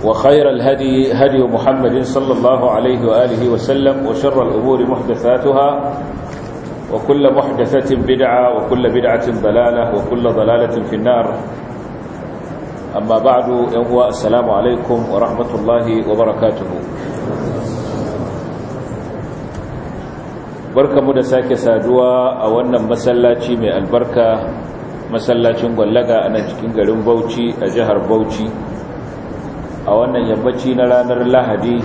وخير الهدي هدي محمد صلى الله عليه وآله وسلم وشر الأمور محدثاتها وكل محدثة بدعة وكل بدعة ضلالة وكل ضلالة في النار أما بعد يوم السلام عليكم ورحمة الله وبركاته barka mu da sake saduwa a wannan masallaci mai albarka masallacin gwallaga a nan cikin garin bauchi a jihar bauchi a wannan yammaci na ranar lahadi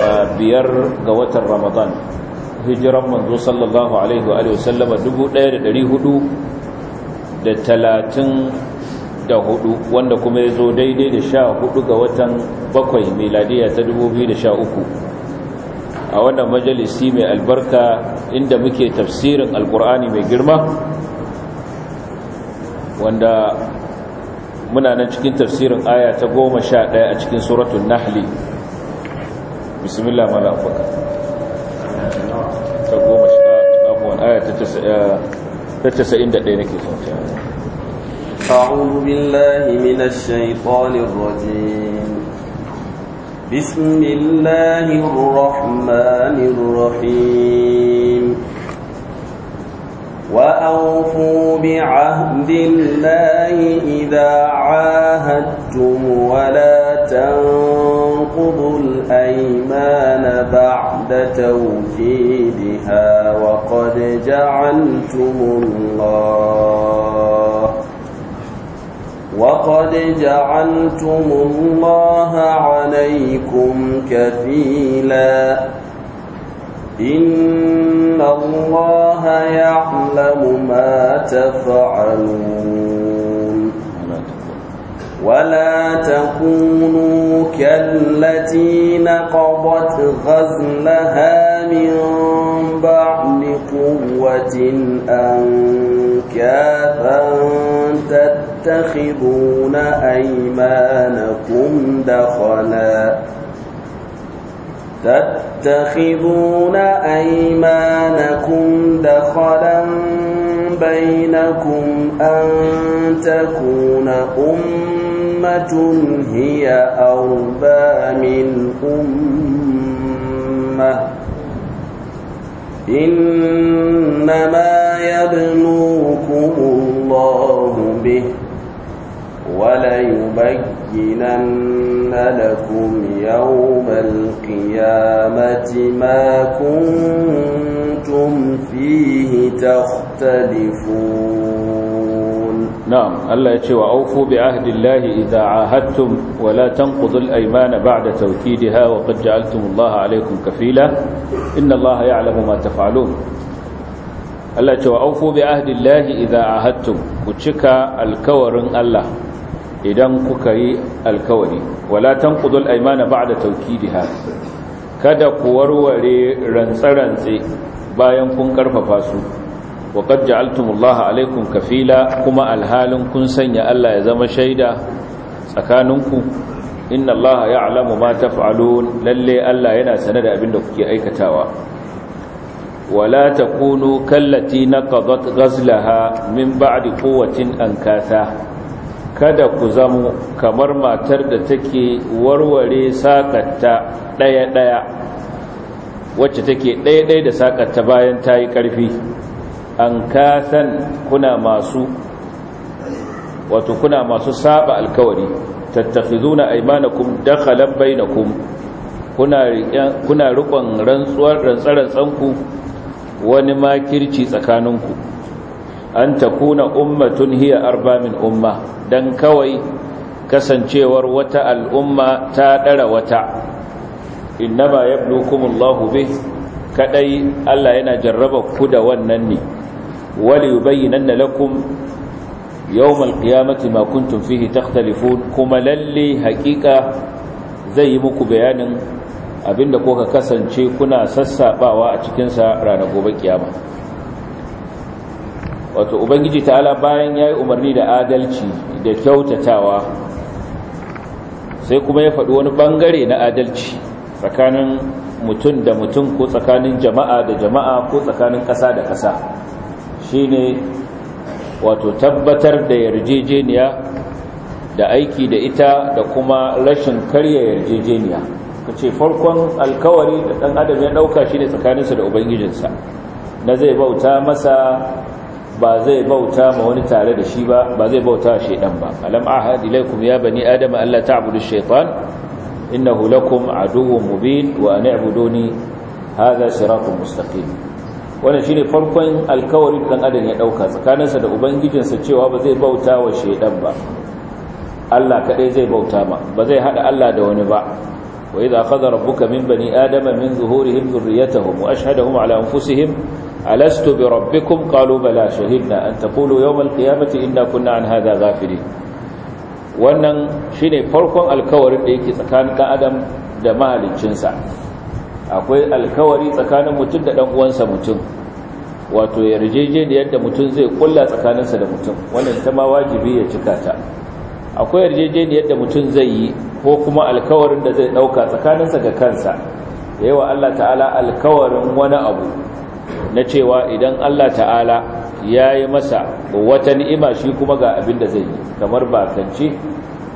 ah, biyar ga watan ramadan hijiran manzo sallallahu alaihi wa sallama dubu da da da dari hudu talatin hudu, wanda kuma ya zo daidai da sha hudu ga watan bakwai miladiya ta dubu biyu da sha uku. a wannan majalisi mai albarka inda muke tafsirin alkur'ani mai girma wanda muna nan cikin tafsirin aya ta goma sha ɗaya a cikin suratun nahli bismillah mala afaka ta goma sha abuwan aya ta casa'in da ɗaya nake sauta أعوذ بالله من الشيطان الرجيم بسم الله الرحمن الرحيم وأوفوا بعهد الله إذا عاهدتم ولا تنقضوا الأيمان بعد توكيدها وقد جعلتم الله وقد جعلتم الله عليكم كفيلاً إن الله يعلم ما تفعلون ولا تكونوا كالتي نقضت غزلها من بعد قوة أنكافا تتخذون أيمانكم دخلاً تتخذون أيمانكم دخلا بينكم أن تكون أمة هي أربى من أمة إنما يبلوكم الله به وليبينن لكم يوم القيامة ما كنتم فيه تختلفون نعم الله يتشوى أوفوا بعهد الله إذا عاهدتم ولا تنقضوا الأيمان بعد توكيدها وقد جعلتم الله عليكم كفيلا إن الله يعلم ما تفعلون Allah cewa aufu bi ahdillahi idza ahadtum ku cika alkawarin Allah idan kuka yi alkawari wala tanqudul ba da taukidiha kada ku warware rantsarantse bayan kun karfafa su wa qad ja'altumullaha alaykum kafila kuma alhalin kun sanya Allah ya zama shaida tsakaninku inna allaha ya'lamu ma taf'alun lalle Allah yana sane da abin da kuke aikatawa wala takunu kallati naqadat ghazlaha min ba'di quwwatin ankasa kada ku zamo kamar matar da take warware sakatta ɗaya-ɗaya wacce take ɗaya-ɗaya da sakatta bayan ta yi ƙarfi an kasan kuna masu wato kuna masu saba alkawari tattafizuna aimanakum dakhalan bainakum kuna kuna rikon rantsuwar wani wani makirci tsakaninku an takuna ummatun hiya arba min umma dan kawai kasancewar wata al'umma ta ɗara wata Inna innama yablukumullahu bih Kaɗai Allah yana jarraba ku da wannan ne wali yubayyinanna lakum yawmal qiyamati ma fihi takhtalifun kuma lalle haƙiƙa zai yi muku bayanin abinda kuka kasance kuna sassaɓawa a cikinsa rana ranar gobe kiyama wato ubangiji ta'ala bayan ya yi umarni da adalci da kyautatawa sai kuma ya faɗi wani ɓangare na adalci tsakanin mutum da mutum ko tsakanin jama'a da jama'a ko tsakanin ƙasa da ƙasa shi ne wato tabbatar da yarjejeniya da aiki da ita da kuma rashin karya yarjejeniya ka ce farkon alkawari da ɗan adam ya ɗauka shi ne tsakaninsa da ubangijinsa na zai bauta masa ba zai bauta ma wani tare da shi ba ba zai bauta dan ba alam ahad ilaykum ya bani adam alla ta'budu ash-shaytan innahu lakum aduwwun mubin wa an hadha siratun mustaqim wannan shine farkon alkawarin dan adam ya dauka tsakaninsa da ubangijinsa cewa ba zai bauta wa shaytan ba Allah kadai zai bauta ma ba zai hada Allah da wani ba وإذا أخذ ربك من بني آدم من ظهورهم ذريتهم وأشهدهم على أنفسهم ألست بربكم قالوا بلى شهدنا أن تقولوا يوم القيامة إنا كنا عن هذا غافلين wannan shine farkon alkawarin da yake tsakanin ɗan adam da mahaliccinsa akwai alkawari tsakanin mutum da ɗan uwansa mutum wato yarjejeniyar da mutum zai kulla tsakaninsa da mutum wannan ta ma wajibi ya cika ta akwai yarjejeniyar da mutum zai yi ko kuma alkawarin da zai ɗauka tsakaninsa ga kansa da yawa Allah ta'ala alkawarin wani abu na cewa idan Allah ta'ala ya yi masa wata ni'ima shi kuma ga abin da zai yi kamar bakance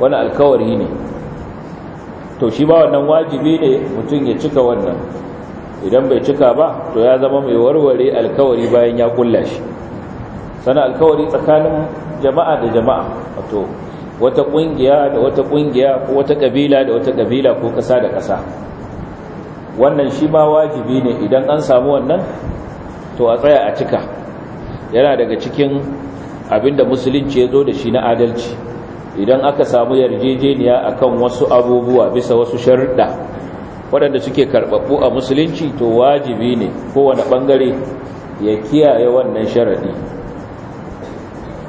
wani alkawari ne to shi ba wannan wajibi ne mutum ya cika wannan idan bai cika ba to ya zama mai warware alkawari bayan ya kulla shi sana alkawari tsakanin jama'a da jama'a wato wata ƙungiya da wata ƙungiya ko wata ƙabila da wata ƙabila ko ƙasa da ƙasa wannan shi ma wajibi ne idan an samu wannan to a tsaya a cika yana daga cikin abinda musulunci ya zo da shi na adalci idan aka samu yarjejeniya akan wasu abubuwa bisa wasu sharuɗa waɗanda suke karɓaɓɓu a musulunci to wajibi ne kowane ɓangare ya kiyaye wannan sharaɗi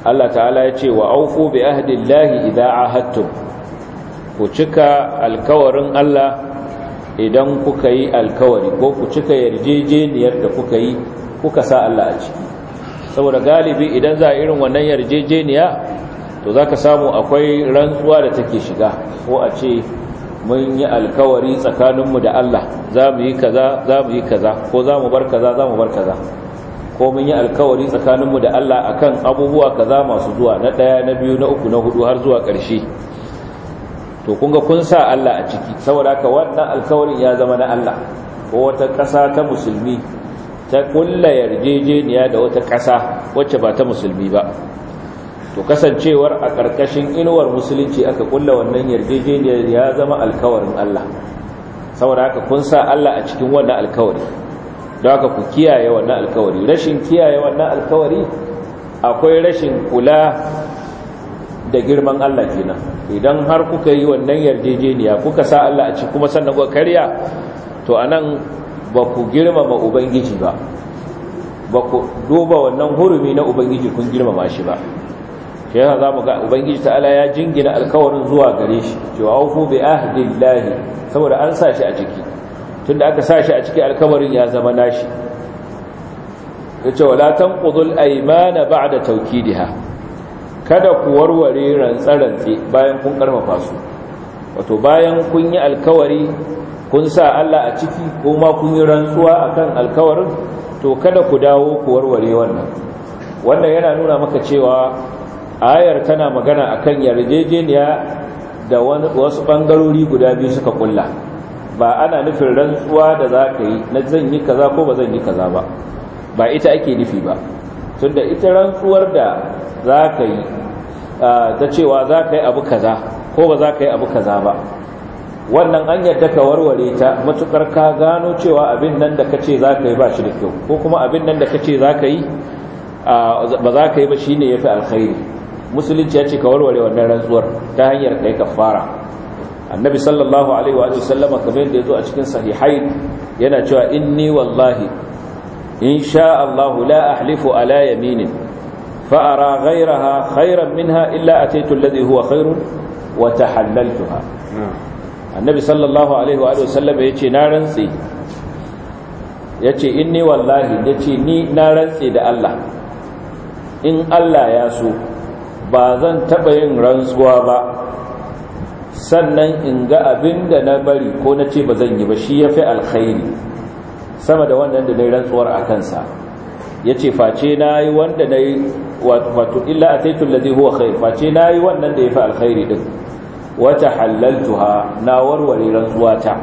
Allah ta'ala ya ce wa aufu bi ahdillahi idza ahadtum ku cika alkawarin Allah idan kuka yi alkawari ko ku cika yarjejeniyar da kuka yi kuka sa Allah a ciki saboda galibi idan za a irin wannan yarjejeniya to zaka samu akwai rantsuwa da take shiga ko a ce mun yi alkawari tsakaninmu da Allah za mu yi kaza za mu yi kaza ko za mu bar kaza za mu bar kaza ko mun yi alkawari tsakaninmu da Allah a kan abubuwa kaza masu zuwa na ɗaya na biyu na uku na hudu har zuwa ƙarshe to kun ga kun sa Allah a ciki saboda ka wannan alkawarin ya zama na Allah ko wata ƙasa ta musulmi ta kulla yarjejeniya da wata ƙasa wacce ba ta musulmi ba to kasancewar a ƙarƙashin inuwar musulunci aka kulla wannan yarjejeniyar ya zama alkawarin Allah saboda ka kun sa Allah a cikin wannan alkawari don haka ku kiyaye wannan alkawari rashin kiyaye wannan alkawari akwai rashin kula da girman Allah kenan idan har kuka yi wannan yarjejeniya kuka sa Allah a ci kuma sannan kuka karya to anan ba ku girmama ubangiji ba ba ku duba wannan hurumi na ubangiji kun girmama shi ba shi yasa za mu ga ubangiji ta'ala ya jingina alkawarin zuwa gare shi cewa aufu bi ahdillahi saboda an sa shi a ciki tunda aka sa shi a cikin alkawarin ya zama nashi yace wala tanqudul da ba'da tawkidiha kada ku warware rantsarantsi bayan kun karfafa su wato bayan kun yi alkawari kun sa Allah a ciki ko kuma kun yi rantsuwa akan alkawarin to kada ku dawo ku warware wannan wannan yana nuna maka cewa ayar tana magana akan yarjejeniya da wasu bangarori guda biyu suka ƙulla ba ana nufin rantsuwa da za ka yi na zan yi kaza ko ba zan yi kaza ba ba ita ake nufi ba tunda ita rantsuwar da za ka yi ta cewa za ka yi abu kaza ko ba za ka yi abu kaza ba wannan an yadda ka warware ta matukar ka gano cewa abin nan da ka ce za ka yi ba shi da kyau ko kuma abin nan da ka ce za ka yi ba za ka yi ba shi ne ya fi alkhairi musulunci ya ce ka warware wannan rantsuwar ta hanyar kai kafara annabi sallallahu alaihi wa sallama kamar da yazo a cikin sahihai yana cewa inni wallahi in sha Allah la ahlifu ala yaminin fa ara ghayraha khayran minha illa ataitu alladhi huwa khayrun wa tahallaltuha annabi sallallahu alaihi wa sallama yace na rantsi yace inni wallahi yace ni na rantsi da Allah in Allah ya so ba zan taba yin rantsuwa ba sannan in ga abin da na bari ko na ce ba zan yi ba shi ya fi alkhairi sama da wannan da na yi rantsuwar a kansa ya ce face na yi wanda na yi wato illa a taitun lazi huwa khair face na yi wannan da ya fi alkhairi din wata halaltuha na warware rantsuwa ta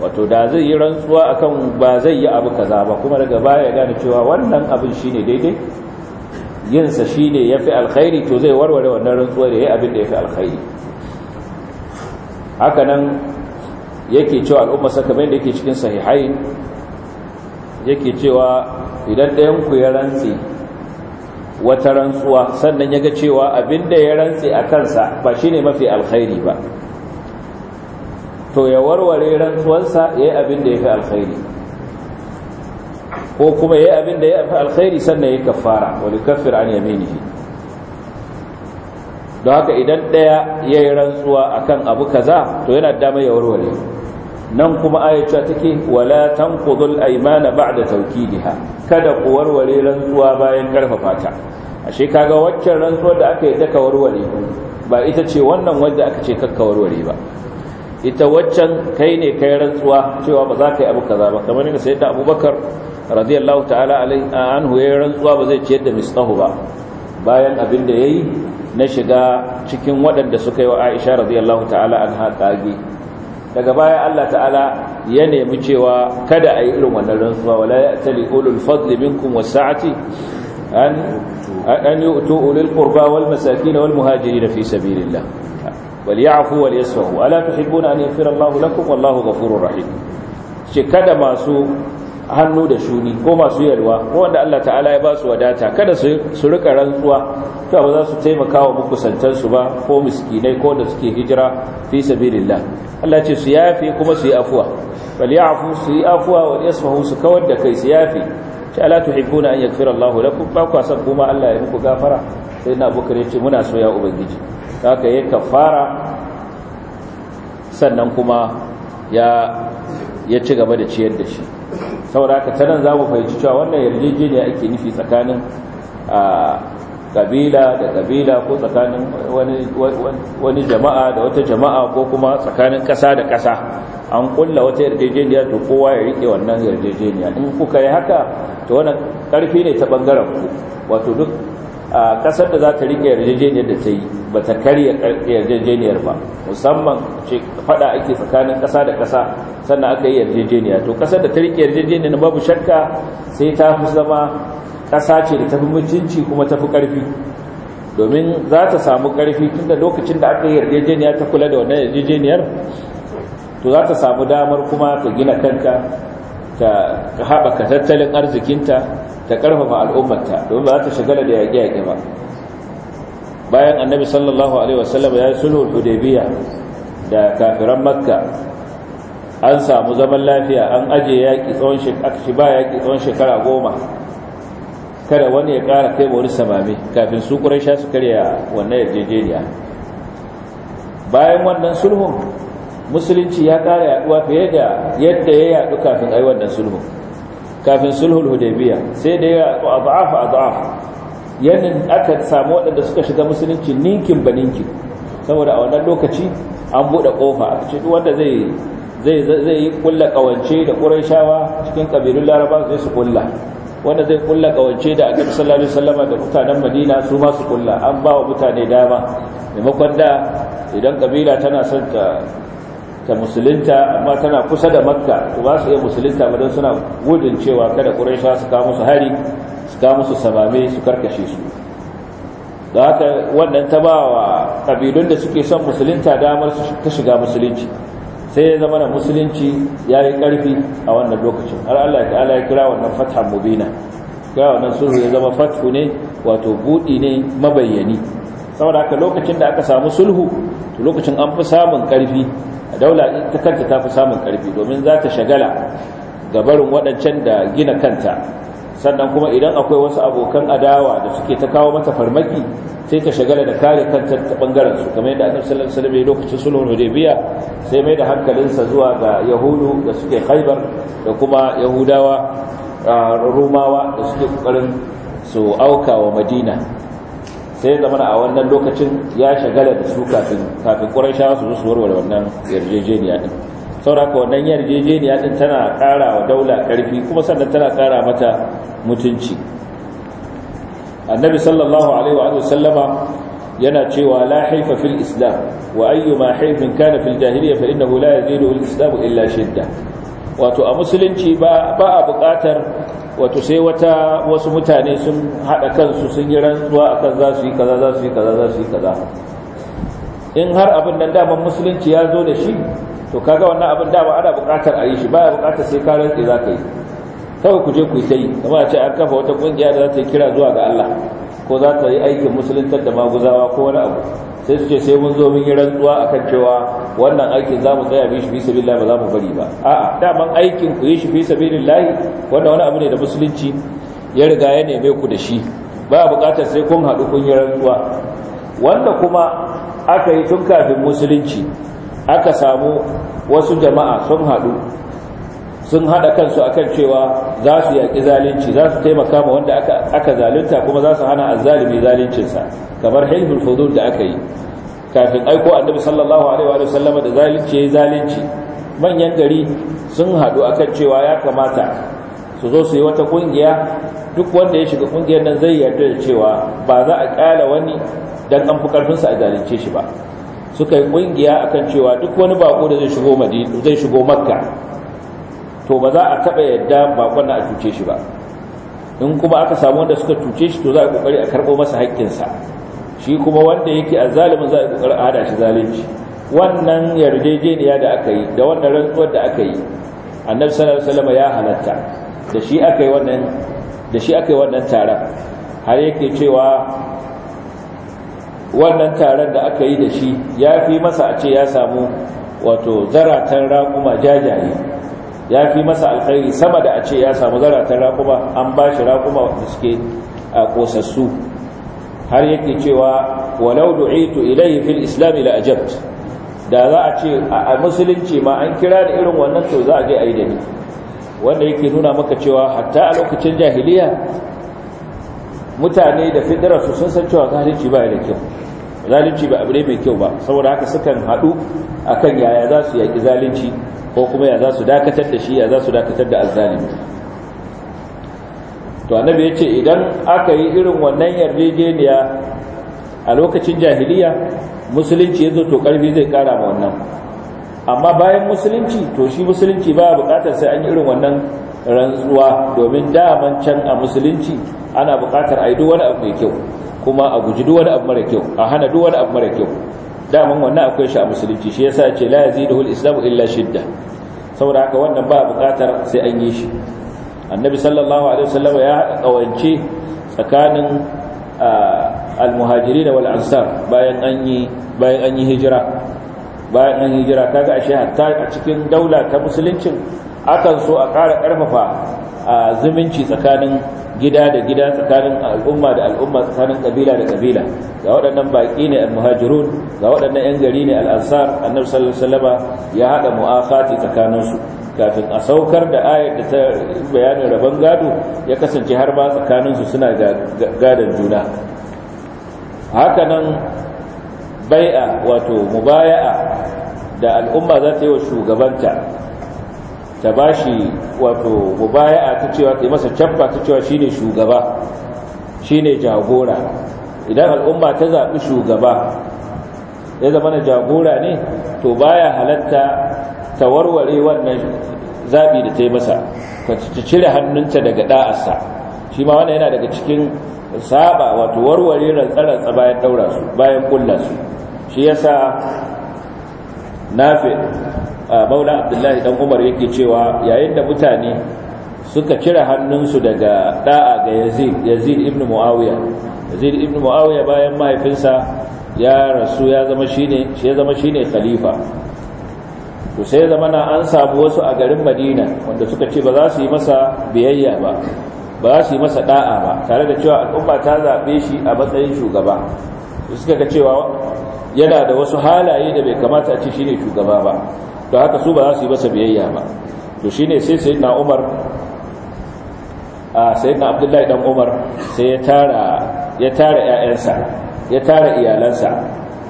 wato da zai yi rantsuwa akan ba zai yi abu kaza ba kuma daga baya gane cewa wannan abin shi ne daidai yinsa shi ne ya fi alkhairi to zai warware wannan rantsuwa da yi abin da ya fi alkhairi haka nan yake cewa al'umma sakamai da yake cikin sahihai yake cewa idan ɗayan ku ya rantsi wata rantsuwa sannan ya ga cewa abinda ya rantsi a kansa ba shi ne mafi alkhairi ba to ya warware rantsuwansa ya yi abinda ya fi alkhairi ko kuma ya yi abinda ya fi alkhairi sannan ya kaffara wani kafir an yamini don haka idan ɗaya ya yi rantsuwa a kan abu kaza to yana damar ya warware nan kuma ayyace take wala tan tanqudul ba da tawkidiha kada ku warware rantsuwa bayan karfafa ta ashe kaga waccan rantsuwar da aka yi ta warware ba ita ce wannan wanda aka ce kakka warware ba ita waccan kai ne kai rantsuwa cewa ba za ka yi abu kaza ba kamar yadda Sayyida abubakar radiyallahu ta'ala anhu ya rantsuwa ba zai ciyar da mistahu ba bayan abin da yayi na shiga cikin waɗanda suka yi wa Aisha radiyallahu ta'ala anha kage daga baya Allah ta'ala ya nemi cewa kada a yi irin wannan rantsuwa wala ya'tali ulul fadli minkum was-sa'ati an an yu'tu ulul qurba wal masakin wal muhajirin fi sabilillah wal ya'fu wal yasfahu ala tuhibbuna an yaghfira lakum wallahu ghafurur rahim shi kada masu hannu da shuni ko masu yalwa ko wanda Allah ta'ala ya ba su wadata kada su rika rantsuwa to ba za su taimaka wa su ba ko miskinai ko da suke hijira fi sabilillah Allah ce su yafi kuma su yi afuwa bal ya'fu su yi afuwa wa yasfahu su kawar da kai su yafe ce la tuhibuna an yaghfira Allah lakum ba ku san kuma Allah ya muku gafara sai na Abubakar ya ce muna so ya ubangiji haka yayin kafara sannan kuma ya ya ci gaba da ciyar da shi saboda haka ta nan za mu fahimci cewa wannan yarjejeniya ake nufi tsakanin kabila da kabila ko tsakanin wani jama'a da wata jama'a ko kuma tsakanin ƙasa da ƙasa an kulla wata yarjejeniya to kowa ya rike wannan yarjejeniya in kuka yi haka to wannan ƙarfi ne ta ɓangaren ku wato duk a kasar da za ta rike yarjejeniyar da ta yi ba ta karya yarjejeniyar ba musamman ce fada ake tsakanin kasa da kasa sannan aka yi yarjejeniya to kasar da ta rike yarjejeniyar babu shakka sai ta fi zama kasa ce da tafi mutunci kuma tafi karfi domin za ta samu karfi tun da lokacin da aka yi yarjejeniya ta kula da wannan yarjejeniyar to za ta samu damar kuma ta gina kanka Ka haɓaka tattalin arzikinta ta ƙarfafa al'ummarta domin ba za ta shagala da yaƙe-yaƙe ba bayan annabi sallallahu alaihi wasallam ya yi sulhul da kafiran makka an samu zaman lafiya an aje yaƙi tsawon shekara ba yaƙi tsawon shekara goma kada wani ya ƙara kai wani samami kafin su sha su karya wannan yarjejeniya bayan wannan sulhun musulunci ya ƙara yaduwa fiye da yadda ya yadu kafin ai wannan sulhu kafin sulhul hudaybiya sai da ya ko adaf adaf yanin aka samu waɗanda suka shiga musulunci ninkin ba ninkin saboda a wannan lokaci an buɗe ƙofa a cikin wanda zai zai zai yi kulla kawance da Qurayshawa cikin kabilul Laraba zai su kulla wanda zai kulla kawance da Annabi sallallahu alaihi wasallama da mutanen Madina su ma su kulla an ba wa mutane dama maimakon da idan kabila tana son ta ta musulunta amma tana kusa da makka to ba su iya musulunta ba don suna gudun cewa kada ƙuraisha su kawo musu hari su kawo musu samame su karkashe su da haka wannan ta ba wa ƙabilun da suke son musulunta damar su ta shiga musulunci sai ya zama na musulunci ya yi ƙarfi a wannan lokacin har Allah ta'ala ya kira wannan fathan mubina kira wannan sulhu ya zama fathu ne wato buɗi ne mabayyani saboda haka lokacin da aka samu sulhu to lokacin an fi samun karfi a daula ta kanta ta fi samun karfi domin za ta shagala ga barin waɗancan da gina kanta sannan kuma idan akwai wasu abokan adawa da suke ta kawo mata farmaki sai ta shagala da kare kanta ta bangaren su kamar yadda annabi sallallahu alaihi wasallam lokacin sulhul hudaybiya sai mai da hankalinsa zuwa ga yahudu da suke khaybar da kuma yahudawa rumawa da suke kokarin su auka wa madina sai zama a wannan lokacin ya shagala da su kafin kafin ƙuraishawa su zuwa warware wannan yarjejeniya din sauraka wannan yarjejeniya din tana ƙara wa daula ƙarfi kuma sannan tana ƙara mata mutunci annabi sallallahu alaihi wa sallama yana cewa la haifa fil islam wa ayyuma haifin kana fil jahiliya fa innahu la yazidu al islam illa shidda wato a musulunci ba ba a buƙatar wato sai wata wasu mutane sun haɗa kansu sun yi rantsuwa akan za su yi kaza za su yi kaza za su yi kaza in har abin nan daman musulunci ya zo da shi to kaga wannan abin dama ana buƙatar a yi shi baya buƙatar sai ka rantsi za ka yi kawai ku je ku yi ta yi kuma a ce an kafa wata ƙungiya da za ta kira zuwa ga Allah ko za ta yi aikin musuluntar da maguzawa ko wani abu sai suke sai mun zo mun yi rantsuwa akan cewa wannan aikin za mu tsaya bi shi fi sabilillah ba za mu bari ba a'a daman aikin ku yi shi fi sabilillah wannan wani abu ne da musulunci ya riga ya neme ku da shi ba buƙatar sai kun haɗu kun yi rantsuwa wanda kuma aka yi tun kafin musulunci aka samu wasu jama'a sun haɗu sun haɗa kansu akan cewa za su yaƙi zalunci za su taimaka ma wanda aka zalunta kuma za su hana azzalimi zaluncinsa kamar hilful fudul da aka yi kafin aiko annabi sallallahu alaihi wa sallama da zalunci yayi zalunci manyan gari sun haɗu akan cewa ya kamata su zo su yi wata kungiya duk wanda ya shiga kungiyar nan zai yarda da cewa ba za a ƙyala wani dan an fi karfinsa a zalunce shi ba suka yi kungiya akan cewa duk wani bako da zai shigo madina zai shigo makka to ba za a taɓa yadda bakon na a cuce shi ba in kuma aka samu wanda suka cuce shi to za a kokari a karɓo masa haƙƙinsa shi kuma wanda yake a zalimin za a kokari a hada shi zalunci wannan yarjejeniya da aka yi da wannan rantsuwar da aka yi annabi sallallahu alaihi wasallam ya halatta da shi aka yi wannan da shi aka yi wannan taron har yake cewa wannan taron da aka yi da shi ya fi masa a ce ya samu wato zaratan raƙuma jajaye ya fi masa alkhairi sama da a ce ya samu zaratan raƙuma an ba shi raƙuma wanda suke a ƙosassu har yake cewa walau du'itu ilayhi fil islam la ajabt da za a ce a musulunci ma an kira da irin wannan to za a je a yi da ni wanda yake nuna maka cewa hatta a lokacin jahiliya mutane da su sun san cewa zalunci ba da kyau zalunci ba abu ne mai kyau ba saboda haka sukan haɗu akan yaya za su yaƙi zalunci ko kuma ya za su dakatar da shi ya za su dakatar da azzalimi to annabi ya ce idan aka yi irin wannan yarjejeniya a lokacin jahiliya musulunci ya zo to karfi zai kara ma wannan amma bayan musulunci to shi musulunci ba buƙatar sai an yi irin wannan rantsuwa domin daman can a musulunci ana buƙatar a yi duk abu mai kyau kuma a guji duk wani abu mara kyau a hana duk abu mara kyau daman wannan akwai shi a musulunci shi yasa ce la yaziduhul islam illa shidda saboda haka wannan ba buƙatar sai an yi shi annabi sallallahu alaihi wasallam ya kawance tsakanin almuhajirin wal ansar bayan an yi bayan an yi hijira bayan an hijira kaga ashe hatta a cikin daula ta musuluncin akan so a ƙara ƙarfafa a zumunci tsakanin gida da gida tsakanin al'umma da al'umma tsakanin kabila da kabila ga waɗannan baƙi ne al-muhajirun ga waɗannan 'yan gari ne al-ansar annabi sallallahu alaihi wasallam ya haɗa mu'afati tsakanin su kafin a saukar da ayar da ta bayanin rabon gado ya kasance har ba tsakanin su suna gadon juna haka nan bai'a wato mubaya'a da al'umma za ta yi wa shugabanta ta ba shi wato mubaya'a ta cewa ta masa cappa ta cewa shine shugaba shine jagora idan al'umma ta zaɓi shugaba ya zama na jagora ne to baya halatta ta warware wannan zaɓi da ta yi masa ka cire hannunta daga ɗa'arsa shi ma wannan yana daga cikin saba wato warware rantsa-rantsa bayan ɗaura su bayan ƙulla su shi yasa nafi maula abdullahi dan umar yake cewa yayin da mutane suka cire hannunsu daga da'a ga yazid yazid ibn muawiya yazid ibn muawiya bayan mahaifinsa ya rasu ya zama shine shi ya zama shine khalifa to sai zamana an samu wasu a garin madina wanda suka ce ba za su yi masa biyayya ba ba za su yi masa da'a ba tare da cewa al'umma ta zaɓe shi a matsayin shugaba suka ga cewa yana da wasu halaye da bai kamata a ci shine shugaba ba to haka su ba za su yi masa biyayya ba to shine sai sayyidina Umar a sayyidina Abdullahi dan Umar sai ya tara ya ƴaƴansa ya tara iyalansa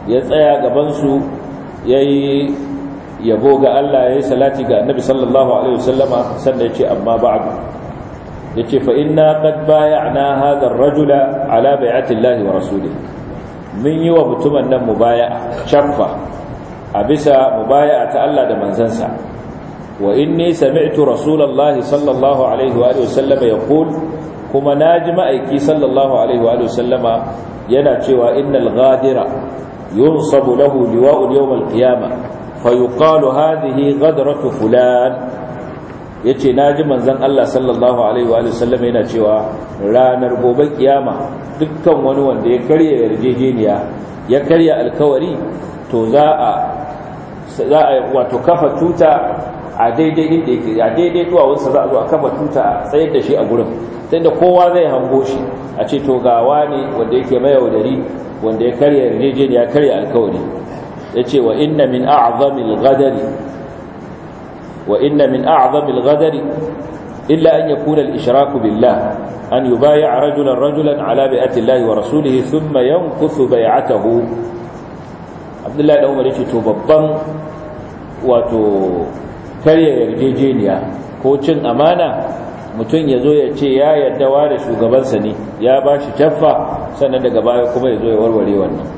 ya tsaya gabansu, ya yayi yabo ga Allah yayi salati ga Annabi sallallahu alaihi wasallama sannan ya ce amma Ya yace fa inna kad baya na ar-rajula ala bay'ati wa rasulih mun yi wa mutumin nan baya chaffa a bisa mubaya ta Allah da manzansa wa inni sami'tu rasulullahi sallallahu alaihi wa sallama yaqul kuma naji ma'aiki sallallahu alaihi wa sallama yana cewa innal ghadira yunsabu lahu liwa'u yawm al-qiyamah fayuqalu hadhihi ghadratu fulan yace naji manzon Allah sallallahu alaihi wa sallama yana cewa ranar gobe kiyama dukkan wani wanda ya karya yarjejeniya ya karya alkawari to za a za a wato kafa tuta a daidai inda yake a daidai duwawunsa za a zo a kafa tuta a tsayar da shi a gurin sai da kowa zai hango shi a ce to gawa ne wanda yake mayaudari wanda ya karya ya karya alkawari ya ce wa inna min a'zamil ghadari wa inna min a'zamil ghadari illa an yakuna al-ishraku billah an a rajulan rajulan ala bi'ati Allah wa rasulih thumma yanquthu bay'atahu abdullahi dan umar yace to babban wato karya yarjejeniya ko cin amana mutum ya zo ya ce ya yardawa da shugabansa ne ya ba shi caffa sannan daga baya kuma ya zo ya warware wannan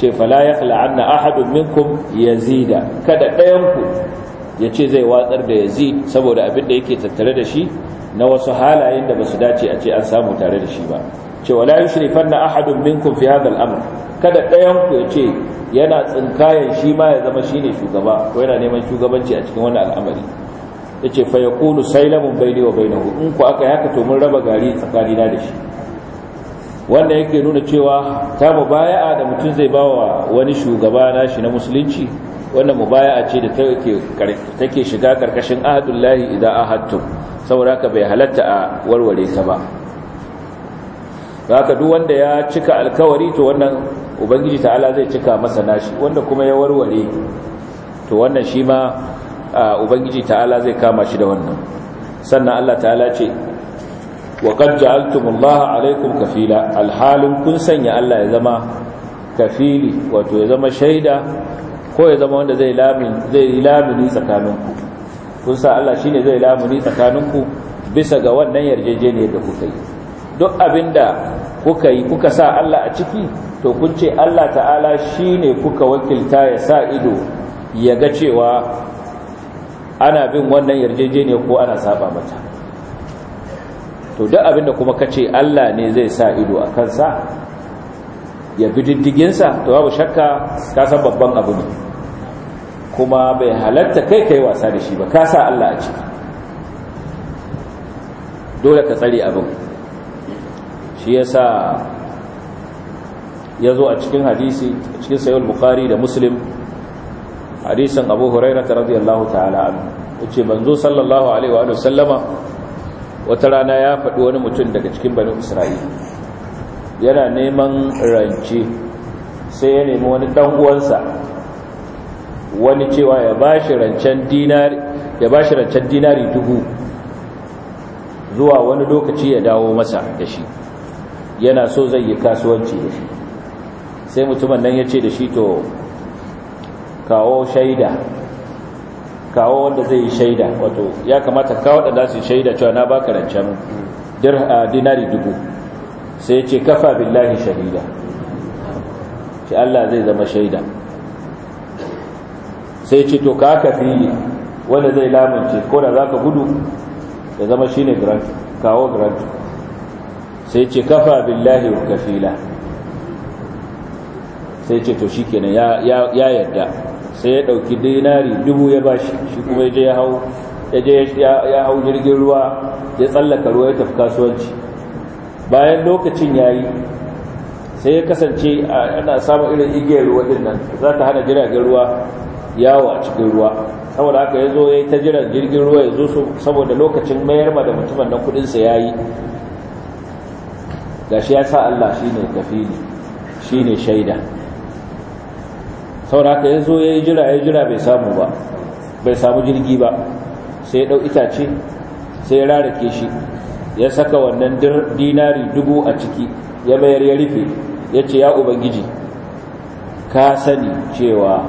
ce fala ya ahadun minkum yazida kada ɗayanku ya ce zai watsar da yazid saboda abin da yake tattare da shi na wasu halayen da ba su dace a ce an samu tare da shi ba ce wala yushrifanna ahadun minkum fi hadha al kada ɗayanku ya ce yana tsinkayen shi ma ya zama shine shugaba ko yana neman shugabanci a cikin wannan al'amari yace fa yaqulu saylamun bayni wa bainahu in ku aka haka to mun raba gari tsakani na da shi wanda yake nuna cewa ta mubaya'a da mutum zai bawa wani shugaba na shi na musulunci wannan mubaya'a ce da take shiga karkashin ahadullahi idan ahadtum saboda ka bai halatta a warware ta ba haka duk wanda ya cika alkawari to wannan ubangiji ta'ala zai cika masa nashi wanda kuma ya warware to wannan shi ma ubangiji ta'ala zai kama shi da wannan sannan Allah ta'ala ce wa qad ja'altumullaha alaykum kafila alhalin kun sanya Allah ya zama kafili wato ya zama shaida ko ya zama wanda zai lamin zai lamini tsakaninku kun sa Allah shine zai lamini tsakaninku bisa ga wannan yarjejeniyar da kuka yi duk abinda kuka yi kuka sa Allah a ciki to kun ce Allah ta'ala shi ne kuka wakilta ya sa ido ya ga cewa ana bin wannan yarjejeniya ko ana saba mata to duk da kuma ka ce Allah ne zai sa ido a kansa ya bi diddiginsa to babu shakka ka san babban abu ne kuma bai halatta kai kai wasa da shi ba ka sa Allah a ciki dole ka tsare abin shi yasa yazo a cikin hadisi cikin sahih bukhari da muslim hadisin abu hurairah radiyallahu ta'ala anhu yace manzo sallallahu alaihi wa sallama wata rana ya faɗi wani mutum daga cikin banu Isra'il. yana neman rance sai ya nemi wani dan uwansa wani cewa ya bashi rancen dinari ya bashi rancen dinari dubu zuwa wani lokaci ya dawo masa da shi yana so zai yi kasuwanci da shi sai mutumin nan ya ce da shi to kawo shaida kawo wanda zai yi shaida wato ya kamata kawo da za su shaida cewa na baka rancen dinari dubu sai ya ce kafa billahi shahida shi Allah zai zama shaida sai ce to ka kafili wanda zai lamunce ko da za ka gudu ya zama shi ne kawo grant sai ce kafa billahi wa kafila sai ce to shi kenan ya yadda sai ya dauki dinari dubu ya bashi shi kuma ya je ya hau ya je ya hau jirgin ruwa ya tsallaka ruwa ya tafi kasuwanci bayan lokacin yi sai ya kasance a ana samun irin igiyar ruwa din nan za ta hana jiragen ruwa yawo a cikin ruwa saboda haka ya zo ya yi ta jiran jirgin ruwa ya zo saboda lokacin mayar ma da mutumin nan kudinsa ya yi gashi ya sa Allah shi ne kafili ne shaida sauraka ya zo ya yi jira ya jira bai samu ba bai samu jirgi ba sai ya ɗau itace sai ya rarake shi ya saka wannan dinari dubu a ciki ya bayar ya rufe ya ce ya ubangiji ka sani cewa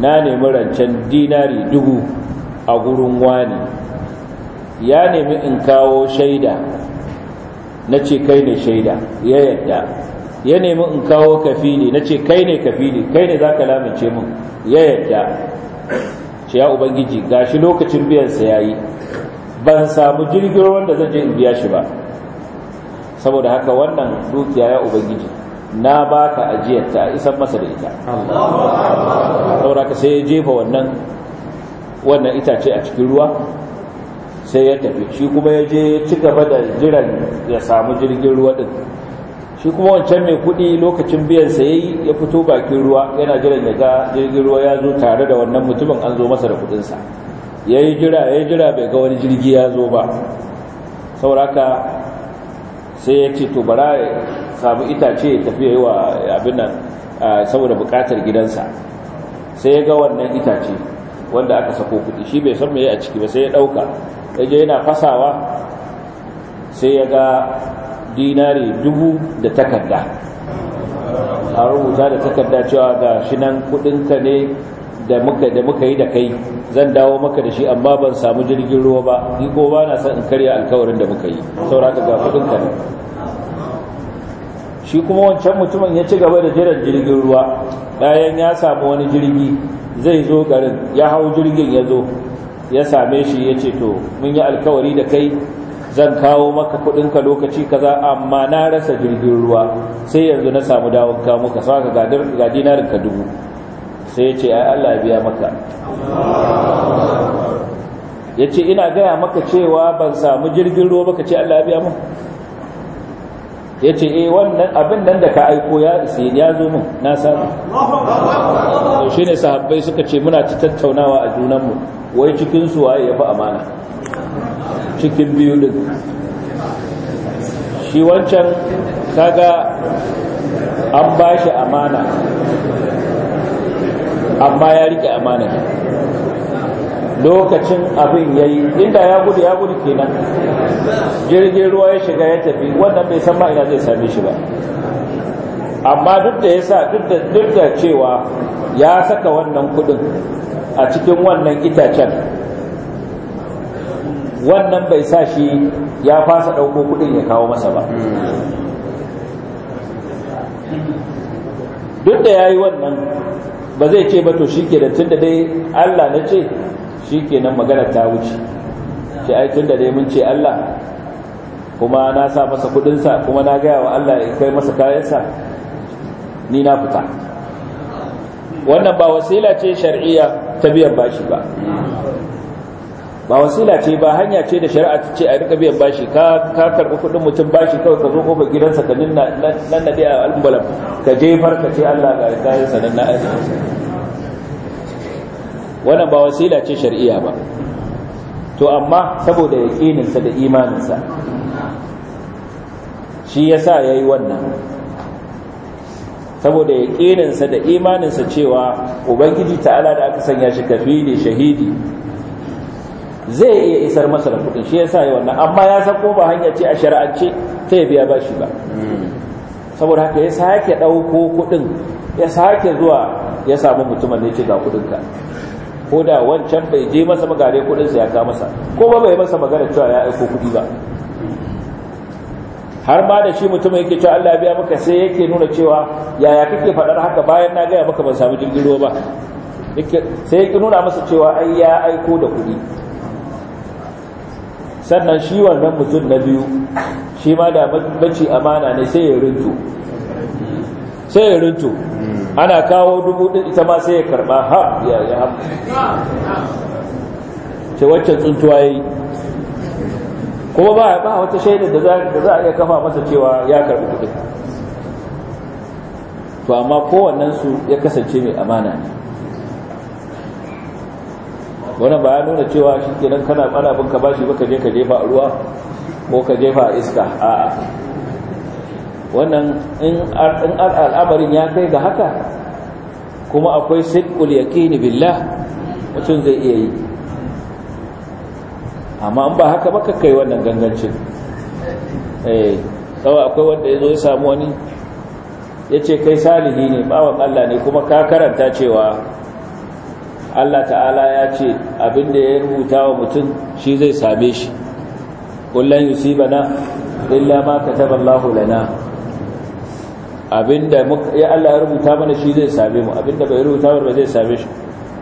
na nemi rancen dinari dubu a gurin wani ya nemi in kawo shaida na ce kai ne shaida ya yadda ya nemi in kawo kafili na ce kai ne kafili kai ne za ka lamince mun ya yadda ce ya ubangiji gashi lokacin biyansa ya yi ban samu jirgin ruwan da zan je in biya shi ba saboda haka wannan dukiya ya ubangiji na baka ajiyarta a isan masa da ita saboda haka sai ya jefa wannan itace a cikin ruwa sai ya tafi shi kuma ya je ci gaba da jiran ya samu jirgin ruwa din shi kuma wancan mai kudi lokacin biyan sa yayi ya fito bakin ruwa yana jiran ya ga jirgin ruwa ya zo tare da wannan mutumin an zo masa da kudin sa yayi jira yayi jira bai ga wani jirgi ya zo ba sauraka sai ya ce to bara ya samu itace ya tafi yayi wa abin nan saboda bukatar gidansa sai ya ga wannan itace wanda aka sako kuɗi shi bai san meye a ciki ba sai ya ɗauka yaje yana fasawa sai ya ga dinari dubu da takarda a rubuta da takarda cewa ga shi nan kuɗinka ne da muka da muka yi da kai zan dawo maka da shi amma ban samu jirgin ruwa ba ni ko ba na san in karya alkawarin da muka yi sauraka ga kuɗinka ne shi kuma wancan mutumin ya ci gaba da jiran jirgin ruwa bayan ya samu wani jirgi zai zo garin ya hau jirgin ya zo ya same shi ya ce to mun yi alkawari da kai zan kawo maka kudinka lokaci kaza amma na rasa jirgin ruwa sai yanzu na samu dawon kamo ka saka ga dinarin ka dubu sai ya ce ai Allah biya maka ya ce ina gaya maka cewa ban samu jirgin ruwa maka ce Allah biya maka ya ce eh wannan abin nan da ka aiko ya isi ya zo min na samu to shi ne sahabbai suka ce muna ci tattaunawa a junanmu wai cikin su waye ya fi amana cikin biyu din shi wancan kaga an ba shi amana amma ya rike amana lokacin abin ya yi inda ya gudu ya gudu kenan jirgin ruwa ya shiga ya tafi wannan bai san ma'ina zai same shi ba amma duk da ya sa duk da cewa ya saka wannan kudin a cikin wannan itacen wannan bai sa shi ya fasa ɗauko kudin ya kawo masa ba duk da ya yi wannan ba zai ce ba to ke da tun da dai Allah na ce shi ke nan magana ta wuce shi ai da dai mun ce Allah kuma na sa masa kudinsa kuma na gaya wa Allah ya kai masa kayansa ni na fita wannan ba wasila ce shar'iyya ta biyan bashi ba ba wasila ce ba hanya ce da shari'a ta ce a rika biyan bashi ka ka karbi kudin mutum bashi kawai ka zo kofar gidansa ka ninna nan na da albalam ka jefar ka ce Allah ga kayan sanan na wannan ba wasila ce shar'iyya ba to amma saboda yaqinin sa da imanin sa shi yasa yayi wannan saboda yaqinin sa da imanin sa cewa ubangiji ta'ala da aka sanya shi kafili shahidi zai iya isar masa da kuɗin shi yasa ya wannan amma ya san ko ba hanya ce a shari'ance ta biya biya shi ba saboda haka ya sake ɗauko kuɗin ya sake zuwa ya samu mutumin da ya ce ga kuɗinka ko da wancan bai je masa magare kuɗinsa ya ka masa ko ba bai masa magana cewa ya aiko kuɗi ba har ma da shi mutumin yake cewa Allah biya maka sai yake nuna cewa yaya kake faɗar haka bayan na gaya maka ban samu jirgin ruwa ba sai yake nuna masa cewa ai ya aiko da kuɗi sannan shi wannan mutum na biyu shi ma da mace amana ne sai ya rinto sai ya rinto ana kawo dubu ɗin ita ma sai ya karɓa ha ya yi ha ce waccan tsuntuwa ya yi kuma ba ba wata shaidar da za a iya kafa masa cewa ya karɓi kudin to amma kowannensu ya kasance mai amana ne wannan ba ya nuna cewa shi kenan kana mana abin ka bashi ba ka je ka jefa a ruwa ko ka jefa a iska a'a wannan in al'amarin ya kai ga haka kuma akwai sidqul yaqini billah mutum zai iya yi amma an ba haka ba kai wannan gangancin eh kawai akwai wanda zo ya samu wani ya ce kai salihi ne bawan Allah ne kuma ka karanta cewa Allah ta'ala ya ce abinda ya rubuta wa mutum shi zai same shi kullun na, illa ma Allahu lana abinda ya Allah ya rubuta mana shi zai same mu abinda bai rubuta ba zai same shi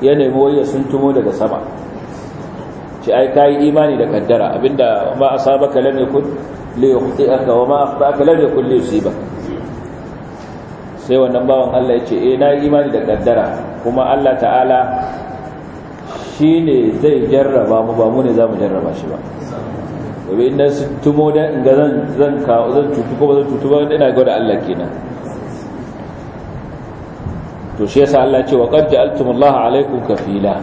ya nemi wayya sun tumo daga sama ci ai kai imani da kaddara abinda ma asabaka lam yakun li yukhti'aka wa ma akhta'aka lam yakun li yusiba sai wannan bawan Allah ya ce eh na imani da kaddara kuma Allah ta'ala shi ne zai jarraba mu ba mu ne za mu jarraba shi ba Gobe inda su tumo da inga zan kawo zan cutu ko ba zan cutu ba ina ga da Allah kenan to shi yasa Allah ce wa qad ja'altumullaha fila" kafila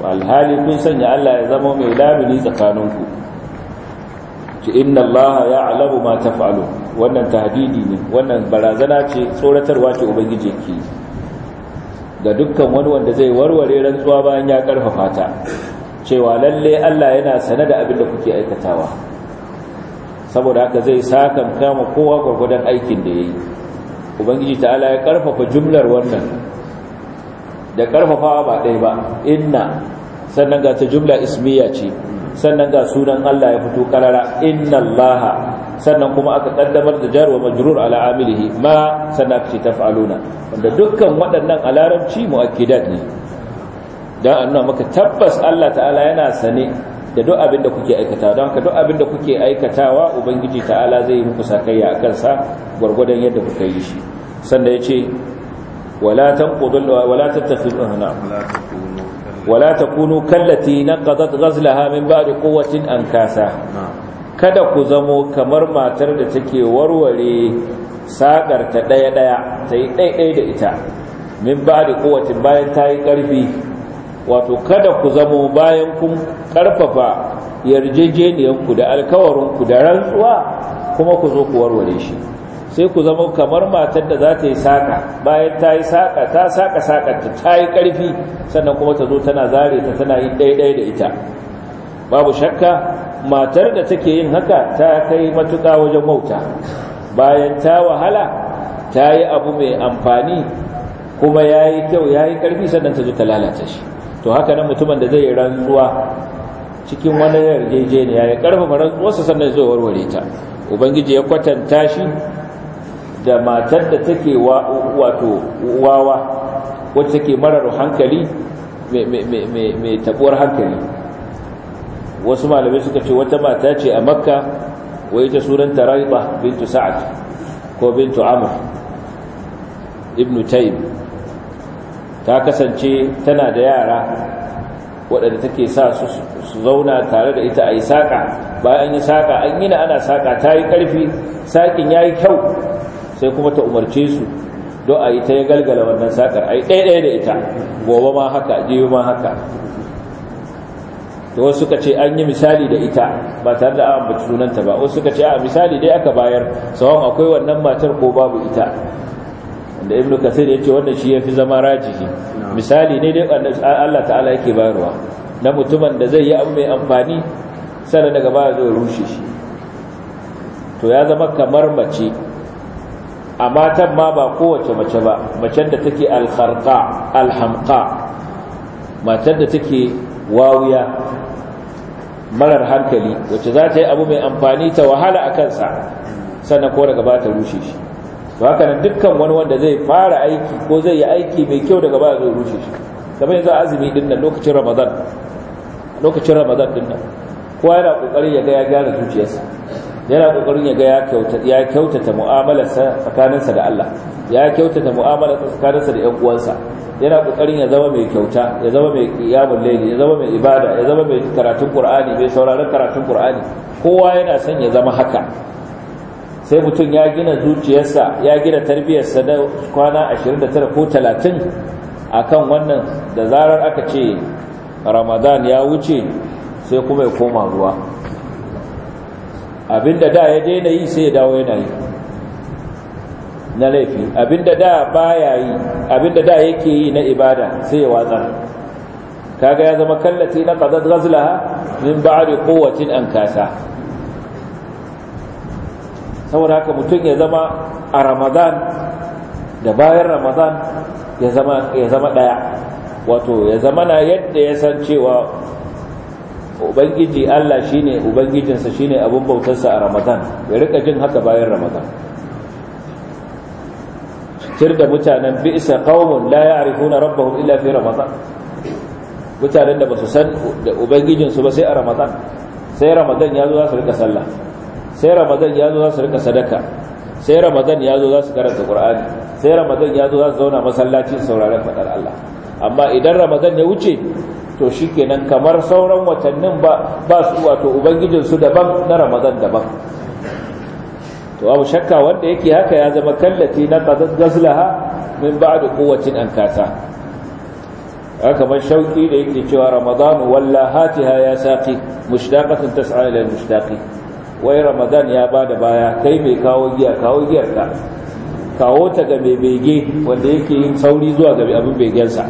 alhali kun sanya Allah ya zama mai lamini tsakaninku Ki inna Allah ya'lamu ma taf'alun wannan tahdidi ne wannan barazana ce tsoratarwa ce ubangiji ke yi ga dukkan wani wanda zai warware rantsuwa bayan ya karfafa ta cewa lalle Allah yana sane da abin da kuke aikatawa saboda haka zai sakan kama kowa gurgudan aikin da yayi ubangiji ta'ala ya karfafa jumlar wannan da karfafawa ba ɗaya ba inna sannan ga ta jumla ismiya ce sannan ga sunan Allah ya fito karara Innallaha. sannan kuma aka kaddamar da jar wa majrur ala amilihi ma sannan aka ce taf'aluna wanda dukkan waɗannan a larabci mu'akkidat ne dan annabi maka tabbas Allah ta'ala yana sane da duk abin da kuke aikatawa don ka duk abin da kuke aikatawa ubangiji ta'ala zai yi muku sakayya a kansa gwargwadon yadda kuka yi shi sannan yace wala tanqudul wala tattafiqu hana wala takunu kallati naqadat ghazlaha min ba'di quwwatin ankasa kada ku zamo kamar matar da take warware sakar ta daya daya ta yi daidai da ita min ba da kowacin bayan ta yi karfi wato kada ku zamo bayan kun karfafa yarjejeniyarku da alkawarinku da rantsuwa kuma ku zo ku warware shi sai ku zama kamar matar da za ta yi saƙa bayan ta yi saƙa ta saƙa saƙarta ta yi ƙarfi sannan kuma ta zo tana zare ta tana yi ɗaiɗai da ita babu shakka matar da take yin haka ta kai matuƙa wajen mauta bayan ta wahala ta yi abu mai amfani kuma ya yi kyau ya yi ƙarfi sannan ta zo ta lalata shi to haka nan mutumin da zai yi rantsuwa cikin wani yarjejeniya ya ƙarfafa rantsuwarsa sannan zai warware ta ubangiji ya kwatanta shi da matar da take wato wawa wacce take marar hankali mai taɓuwar hankali wasu malamai suka ce wata mata ce a makka wai ta sunanta raiba bintu sa'ad ko bintu amr ibnu taib ta kasance tana da yara waɗanda take sa su zauna tare da ita a yi saƙa bayan yi saƙa an yi na ana saƙa ta yi ƙarfi saƙin ya yi kyau sai kuma ta umarce su don a yi ta ya galgala wannan saƙar a yi ɗaya da ita gobe ma haka jiyo ma haka to wasu suka ce an yi misali da ita ba tare da an bace sunanta ba wasu suka ce a misali dai aka bayar sawan akwai wannan matar ko babu ita da ibnu kasir ya ce wannan shi ya fi zama rajihi misali ne dai Allah ta'ala yake bayarwa na mutumin da zai yi abu mai amfani sannan daga baya zai rushe shi to ya zama kamar mace a matan ma ba kowace mace ba macen da take alkharqa alhamqa matar da take wawiya marar hankali wacce za ta yi abu mai amfani ta wahala a kansa sannan ko daga ba ta rushe shi to haka nan dukkan wani wanda zai fara aiki ko zai yi aiki mai kyau daga ba zai rushe shi kamar yanzu azumi din nan lokacin ramadan lokacin ramadan din nan kowa yana kokarin ya ga ya gyara zuciyarsa yana kokarin ya ga ya kyautata ya kyautata mu'amalarsa tsakaninsa da Allah ya kyautata mu'amalarsa tsakaninsa da ƴan uwansa yana kokarin ya zama mai kyauta ya zama mai qiyamul layli ya zama mai ibada ya zama mai karatun qur'ani mai sauraron karatun qur'ani kowa yana son ya zama haka sai mutum ya gina zuciyarsa ya gina tarbiyarsa da kwana 29 ko 30 akan wannan da zarar aka ce ramadan ya wuce sai kuma ya koma ruwa abinda da ya daina yi sai ya dawo yana yi na laifi abinda da baya yi abinda da yake yi na ibada sai ya watsa kaga ya zama kallati na qadad ghazlaha min ba'di quwwatin an kasa saboda haka mutum ya zama a ramadan da bayan ramadan ya zama ya zama daya wato ya zama na yadda ya san cewa ubangiji Allah shine ubangijinsa shine abun bautarsa a ramadan ya rika jin haka bayan ramadan tir da mutanen bi'sa qaumun la ya'rifuna rabbahum illa fi ramadan mutanen da basu san da ubangijin su ba sai a ramadan sai ramadan yazo za su rika sallah sai ramadan yazo za su rika sadaka sai ramadan yazo za su karanta qur'ani sai ramadan yazo za su zauna masallaci sauraron fadar Allah amma idan ramadan ya wuce to shikenan kamar sauran watannin ba ba su wato ubangijin su daban na ramadan daban to abu shakka wanda yake haka ya zama kallati na gazlaha min ba'da quwwatin an kasa haka man shauki da yake cewa ramadan wallahatiha ya saqi mushtaqatan tas'a ila mushtaqi wai ramadan ya bada baya kai mai kawo giya kawo ka kawo ta ga mai bege wanda yake yin sauri zuwa ga abin begensa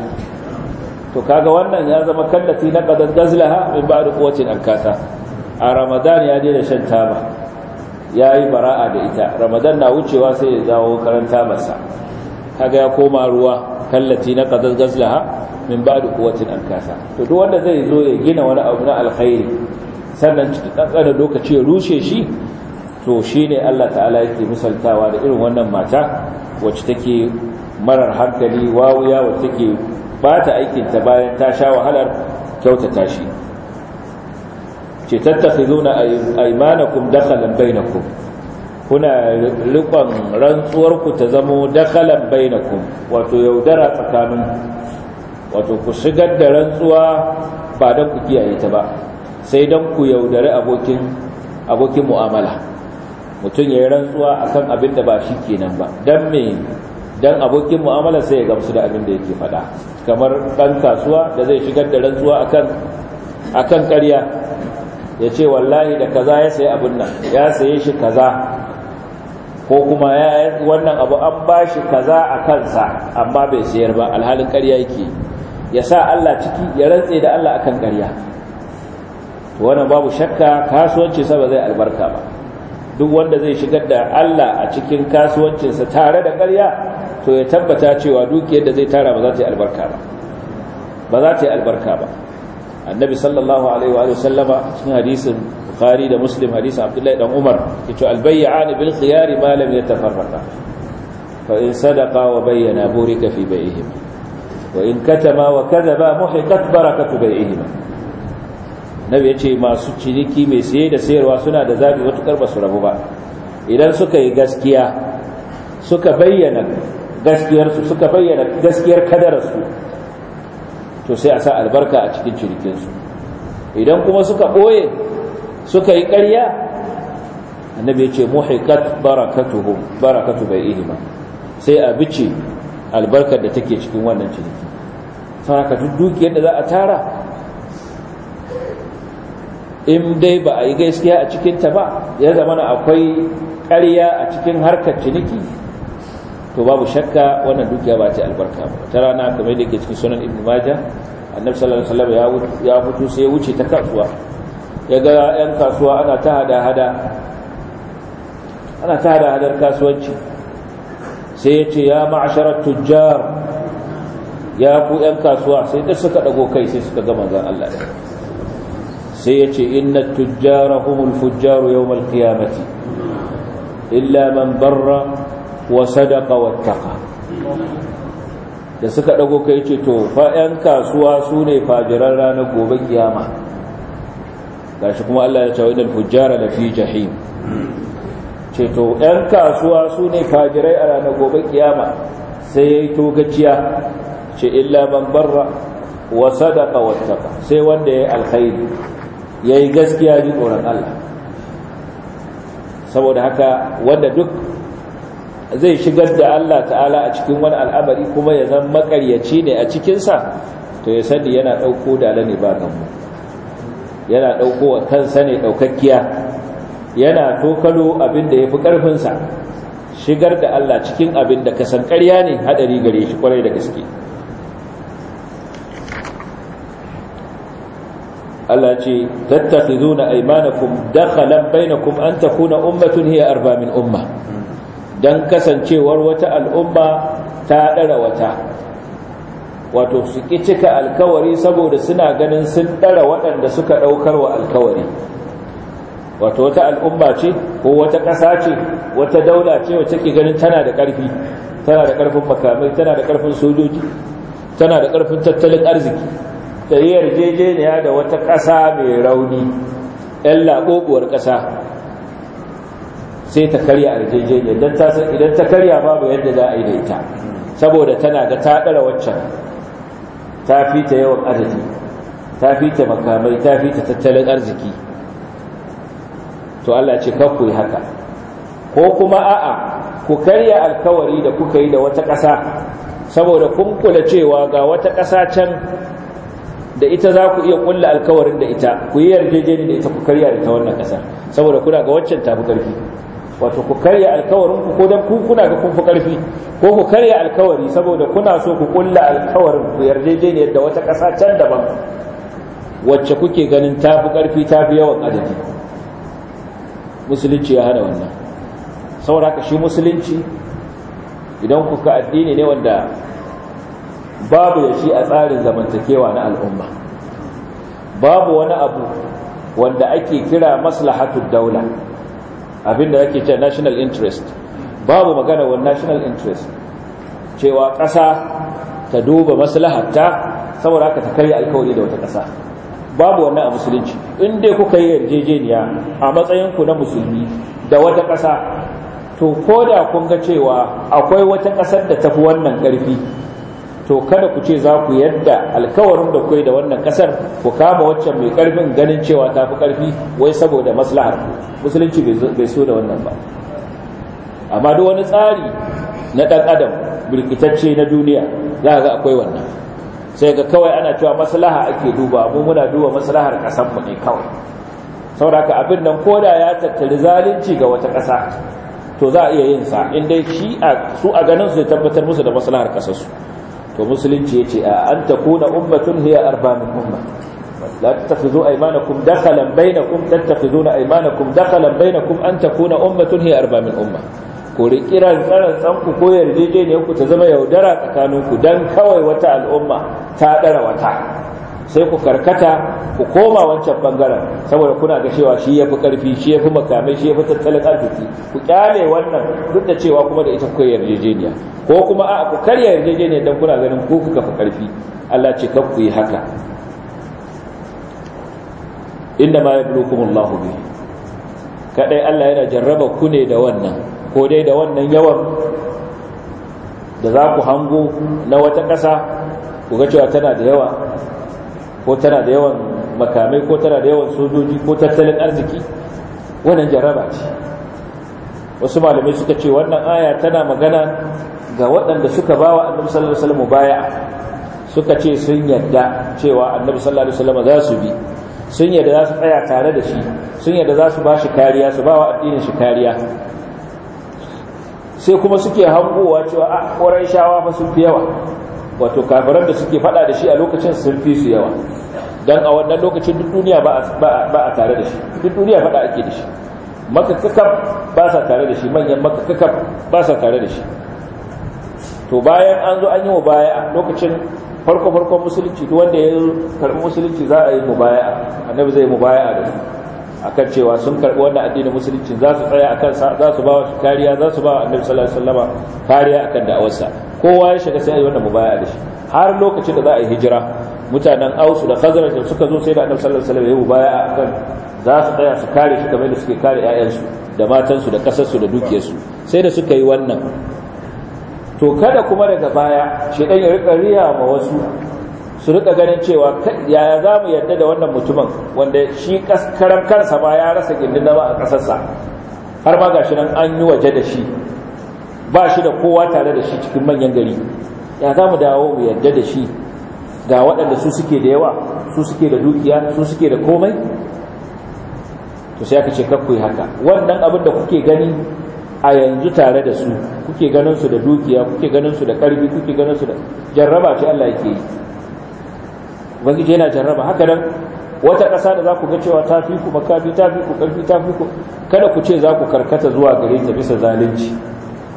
to kaga wannan ya zama kallati na qadad gazlaha min ba'da quwwatin an kasa a ramadan ya daina shan taba ya yi bara'a da ita ramadan na wucewa sai ya zawo karanta masa kaga ya koma ruwa kallati na qadaz gazlaha min ba'di quwwatin ankasa to duk wanda zai zo ya gina wani abu na alkhairi sannan cikin kankanin lokaci ya rushe shi to shine Allah ta'ala yake misaltawa da irin wannan mata wacce take marar hankali wawuya wacce take ba ta aikinta bayan ta sha wahalar kyautata shi ce tattakhizuna aymanakum dakhalan bainakum kuna rikon rantsuwar ku ta zamo dakhalan bainakum wato yaudara tsakanin wato ku shigar da rantsuwa ba don ku kiyaye ta ba sai don ku yaudari abokin abokin mu'amala mutum ya yi rantsuwa akan abin da ba shi kenan ba don me don abokin mu'amala sai ya gamsu da abin da yake faɗa kamar ɗan kasuwa da zai shigar da rantsuwa akan akan ƙarya ya ce wallahi da kaza ya sayi abin nan ya sai shi kaza ko kuma ya wannan abu an ba shi kaza a kansa amma bai sayar ba alhalin ƙarya yake ya sa Allah ciki ya rantse da Allah akan ƙarya wannan babu shakka kasuwanci sa ba zai albarka ba duk wanda zai shigar da Allah a cikin kasuwancinsa tare da ƙarya to ya tabbata cewa dukiyar da zai tara ba za ta yi albarka ba ba za ta yi albarka ba annabi sallallahu alaihi wa sallama cikin hadisin bukhari da muslim hadisin abdullahi dan umar yace albay'an bil khiyari ma lam yatafarraqa fa in sadaqa wa bayyana burika fi bay'ihim wa in katama wa kadhaba muhiqat barakatu bay'ihim nabi yace masu ciniki mai saye da sayarwa suna da zabi matukar su rabu ba idan suka yi gaskiya suka bayyana gaskiyarsu suka bayyana gaskiyar kadararsu to sai a sa albarka a cikin cinikinsu idan kuma suka ɓoye suka yi ƙarya annabi ya ce muhikat bai barakatu ba sai a bice albarkar da take cikin wannan ciniki saraka duk dukiyar da za a tara in dai ba a yi gaskiya a cikinta ba ya zama akwai ƙarya a cikin harkar ciniki to babu shakka wannan dukiya ba ta albarka ba ta rana kamar da ke cikin sunan ibn majah annabi sallallahu alaihi wasallam ya fito sai ya wuce ta kasuwa ya ga yan kasuwa ana ta hada hada ana ta hada hadar kasuwanci sai ya ce ya ma'asharar tujjar ya ku yan kasuwa sai da suka dago kai sai suka ga manzon Allah sai ya ce inna tujjara humul fujjaru yawmal qiyamati illa man barra wa wa taqa da suka dago kai ce to fa yan kasuwa su ne fajiran ranar gobe kiyama gashi kuma Allah ya ce wa innal fujjara la fi jahim ce to yan kasuwa su ne fajirai a ranar gobe kiyama sai yayi togaciya ce illa man barra wa wa taqa sai wanda yayi alkhairi yayi gaskiya ji tsoron Allah saboda haka wanda duk zai shigar da Allah ta'ala a cikin wani al'amari kuma ya zan makaryaci ne a cikinsa to ya sani yana ɗauko dala ne ba mu, yana ɗauko wa kansa ne ɗaukakkiya yana tokalo abin da ya fi ƙarfinsa shigar da Allah cikin abin da kasan ƙarya ne haɗari gare shi ƙwarai da gaske Allah ce tattakhizuna aymanakum dakhalan bainakum an takuna ummatun hiya arba min umma don kasancewar wata al'umma ta ɗara wata wato su ƙi cika alkawari saboda suna ganin sun ɗara waɗanda suka ɗaukar wa alkawari wato wata al'umma ce ko wata ƙasa ce wata daula ce wacce ke ganin tana da ƙarfi tana da ƙarfin makamai tana da ƙarfin sojoji tana da ƙarfin tattalin arziki ta yi yarjejeniya da wata ƙasa mai rauni ‘yan laƙoƙuwar ƙasa sai ta karya yarjejeniyar don ta san idan ta karya babu yadda za a yi da ita saboda tana ga ta ɗara waccan ta fi ta yawan adadi ta fi makamai ta fi tattalin arziki to Allah ce ku yi haka ko kuma a'a ku karya alkawari da kuka yi da wata ƙasa saboda kun kula cewa ga wata ƙasa can da ita za ku iya kulla alkawarin da ita ku yi yarjejeni da ita ku karya da ta wannan ƙasar saboda kuna ga waccan tafi ƙarfi wato ku karya alkawarin ku ko dan ku kuna ga kun fi karfi ko ku karya alkawari saboda kuna so ku kulla alkawarin ku yarjejeniyar da wata ƙasa can daban wacce kuke ganin ta fi karfi ta fi yawan adadi musulunci ya hana wannan saboda haka shi musulunci idan kuka addini ne wanda babu shi a tsarin zamantakewa na al'umma babu wani abu wanda ake kira Maslahatun daula abinda ake ce national interest babu magana wa national interest cewa ƙasa ta duba maslahatta saboda haka ta kai alkawari da wata ƙasa babu wannan a musulunci in dai kuka yi yarjejeniya a matsayinku na musulmi da wata ƙasa to koda kun ga cewa akwai wata ƙasar da tafi wannan ƙarfi to kada ku ce za ku yadda alkawarin da kuwa da wannan kasar ku kama waccan mai karfin ganin cewa ta fi karfi wai saboda maslahar musulunci bai so da wannan ba amma duk wani tsari na ɗan adam birkitacce na duniya za ga akwai wannan sai ga kawai ana cewa maslaha ake duba mu muna duba maslahar mu ne kawai sauraka abin nan koda ya tattari zalunci ga wata ƙasa to za a iya yin sa inda shi a su a ganin su tabbatar musu da maslahar ƙasarsu to musulunci ce a an ta takuna ummatun hiya arba min umma la tattakhidhu aymanakum dakhalan bainakum tattakhiduna aymanakum dakhalan bainakum an ta takuna ummatun hiya arba min umma ko rikiran tsaran tsanku ko yarjejeniyarku ta zama yaudara tsakaninku dan kawai wata al'umma ta ɗara wata sai ku karkata ku koma wancan bangaren saboda kuna ga cewa shi yafi karfi shi yafi makamai shi yafi tattalin arziki ku kyale wannan duk da cewa kuma da ita kuka yarjejeniya ko kuma a ku karya yarjejeniya dan kuna ganin ku kuka fi karfi Allah ce kar ku yi haka inda ma yablukumullahu bihi kaɗai Allah yana jarraba ku ne da wannan ko dai da wannan yawan da za ku hango na wata ƙasa ku ga cewa tana da yawa ko tana da yawan makamai ko tana da yawan sojoji ko tattalin arziki wannan jaraba ce wasu malamai suka ce wannan aya tana magana ga waɗanda suka ba wa annabi sallallahu alaihi wasallam baya suka ce sun yadda cewa annabi sallallahu alaihi wasallam za su bi sun yadda za su tsaya tare da shi sun yadda za su ba shi kariya su ba wa addinin shi kariya sai kuma suke hankowa cewa a ah, ƙoran shawa fa sun fi yawa wato kafiran da suke fada da shi a lokacin sun fi su yawa dan a wannan lokacin duk duniya ba a tare da shi duk duniya fada ake da shi maka kakaf ba sa tare da shi manyan maka kakaf ba sa tare da shi to bayan an zo an yi a lokacin farko-farkon musulunci duk wanda ya karbi musulunci za a yi mu baya annabi zai mu baya da su akan cewa sun karbi wannan addinin musulunci za su tsaya akan za su ba wa kariya za su ba wa annabi sallallahu alaihi wasallama kariya akan da'awarsa kowa ya shiga sai a yi wannan mubaya da shi har lokacin da za a yi hijira mutanen ausu da khazraj da suka zo sai da annabi sallallahu alaihi wasallam ya mubaya akan za su tsaya su kare shi kamar da suke kare ƴaƴansu da matansu da kasarsu da dukiyarsu sai da suka yi wannan to kada kuma daga baya shedan ya rika riya ma wasu su rika ganin cewa yaya za mu yadda da wannan mutumin wanda shi karan kansa ba ya rasa gindin ba a ƙasarsa har ma gashi nan an yi waje da shi ba shi da kowa tare da shi cikin manyan gari ya za mu dawo mu yarda da shi ga waɗanda su suke da yawa su suke da dukiya su suke da komai to sai aka ce kakku haka wannan abin da kuke gani a yanzu tare da su kuke ganin su da dukiya kuke ganin su da ƙarfi, kuke ganin su da jarraba ce Allah yake yi ubangiji yana jarraba haka nan wata ƙasa da za ku ga cewa ta fi ku makafi ta fi ku ƙarfi ta fi ku kada ku ce za ku karkata zuwa gare ta bisa zalunci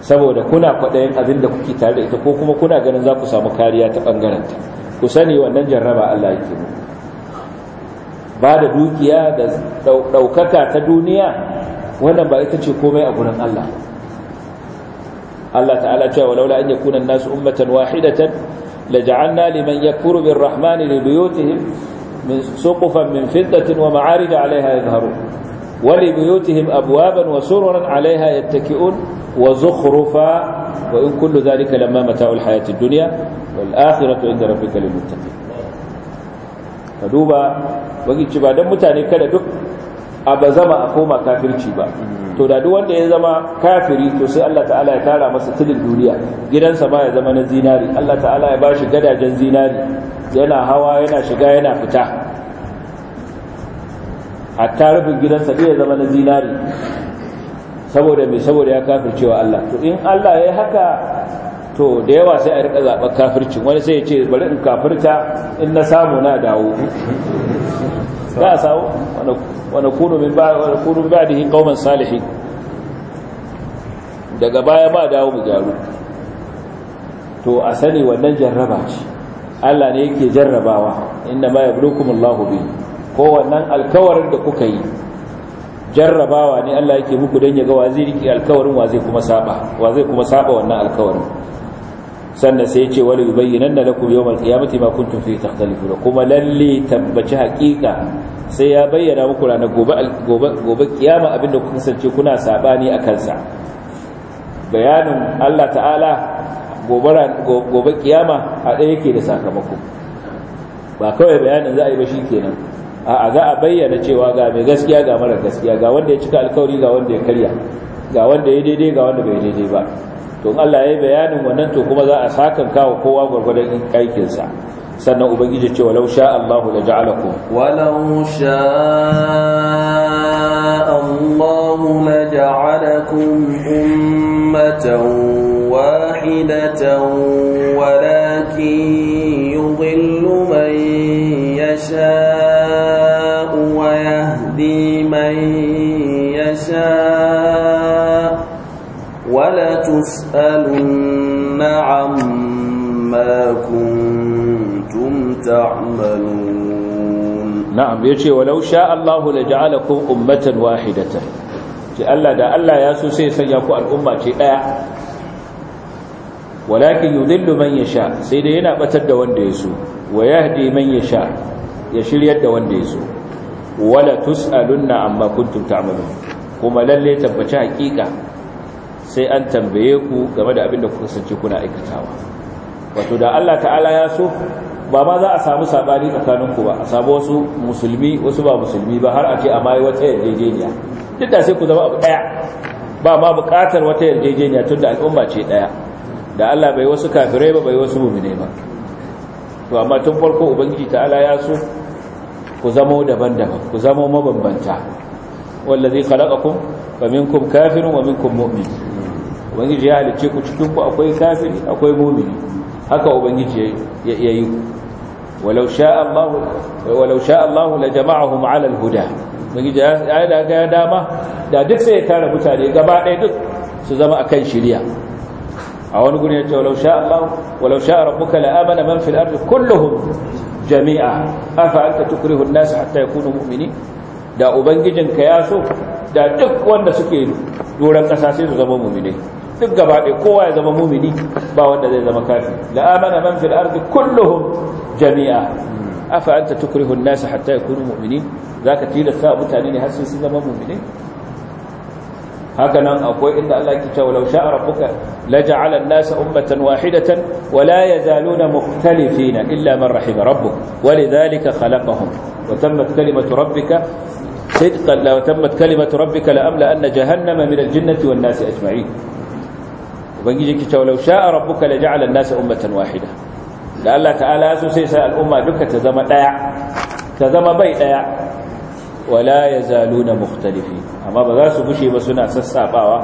saboda kuna kwaɗayin abin da kuke tare da ita ko kuma kuna ganin za ku samu kariya ta ɓangarenta ku sani wannan jarraba Allah yake mu ba da dukiya da ɗaukaka ta duniya wannan ba ita ce komai a gurin Allah Allah ta'ala cewa walaula an yakuna an-nasu ummatan wahidatan laja'alna liman yakfuru bir-rahmani li buyutihim من سقفا من فضة ومعارج عليها يظهرون ولبيوتهم أبوابا وسررا عليها يتكئون وزخرفا وإن كل ذلك لما متاع الحياة الدنيا والآخرة عند ربك للمتقين فدوبا وقيت شبا متاني كده دك أبا زما أقوم كافر شبا to da duk wanda ya zama kafiri to sai Allah ta'ala ya tara masa tilin duniya gidansa ba ya zama na zinari Allah ta'ala ya bashi gadajen zinari yana hawa yana shiga yana fita a tarifin gidansa duk ya zama na zinari saboda mai saboda ya kafircewa Allah to in Allah ya haka to da yawa sai a rika zaɓar kafircin wani sai ya ce bari in kafirta in na samu na dawo za a samu wani kuno min ba'dihi qauman salihi daga baya ba dawo mu gyaru to a sani wannan jarraba ce Allah ne yake jarrabawa inda ma yablukumullahu bi ko wannan alkawarin da kuka yi jarrabawa ne Allah yake muku don ya ga wa zai alkawarin wa zai kuma saba wa zai kuma saba wannan alkawarin sannan sai ya ce wala yubayyinanna lakum yawmal qiyamati ma kuntum fihi da kuma lalle tabbaci hakika sai ya bayyana muku ranar gobe kiyama abinda kuka sance kuna sabani a kansa. bayanin Allah ta'ala gobe kiyama a ɗaya yake da sakamako ba kawai bayanin za a yi ba shi kenan a za a bayyana cewa ga mai gaskiya ga mara gaskiya ga wanda ya cika alkawari ga wanda ya karya ga wanda ya daidai ga wanda bai daidai ba Don Allah ya yi bayanin wannan to kuma za a sakan kawo kowa gwargwadon aikinsa sannan ubangiji ce walau sha Allahu la ja'alakum walau sha Allahu la ja'alakum ummatan wahidatan ya ce walau sha Allahu ja'ala ja'alakum ummatan wahidatan ce Allah da Allah ya so sai ya sanya ku al'umma ce daya walakin yudillu man yasha sai dai yana batar da wanda ya so wa yahdi man yasha ya shiryar da wanda ya so wala tus'alunna amma kuntum ta'malun kuma lalle tabbaci hakika sai an tambaye ku game da abin da kuka sace kuna aikatawa wato da Allah ta'ala ya so ba ma za a samu sabani tsakaninku ba a samu wasu musulmi wasu ba musulmi ba har a ce a mai wata yarjejeniya duk da sai ku zama abu daya ba ma bukatar wata yarjejeniya tun da al'umma ce daya da Allah bai wasu kafirai ba bai wasu mu'mine ba to amma tun farko ubangiji ta ala ya so ku zamo daban-daban ku zamo mabambanta wallazi khalaqakum faminkum kafirun wa minkum mu'min ubangiji ya halicce ku cikin ku akwai kafiri akwai mu'mini haka ubangiji ya yi ku walau sha Allah walau sha Allah la jama'ahum 'ala huda miji ya dama da duk sai ya tara mutane gaba ɗaya duk su zama akan shirya? a wani gurin yace ce sha Allah walau sha rabbuka la amana man fil ardi kulluhum jami'a afa anta tukrihu an-nas hatta yakunu mu'minin da ubangijinka ya so da duk wanda suke doran ƙasa sai su zama mu'minai duk gaba ɗaya kowa ya zama mumini ba wanda zai zama kafi. la man fil ardi kulluhum jami'a afa anta tukrihu an-nas hatta yakunu mu'minin zaka tilasta mutane ne har sai zama mumini haka nan akwai inda Allah ke cewa law sha'a rabbuka an ummatan wahidatan wa la yazaluna mukhtalifina illa man rahima rabbuk khalaqahum wa tammat kalimatu rabbika صدقا لو تمت كلمة ربك لأملأن جهنم من الجنة والناس أجمعين ubangiji ki tawlau sha'a rabbuka la ja'ala an-nasa ummatan wahida da Allah ta'ala so sai sai al'umma duka ta zama daya ta zama bai daya wala yazaluna mukhtalifi amma ba za su gushe ba suna sassafawa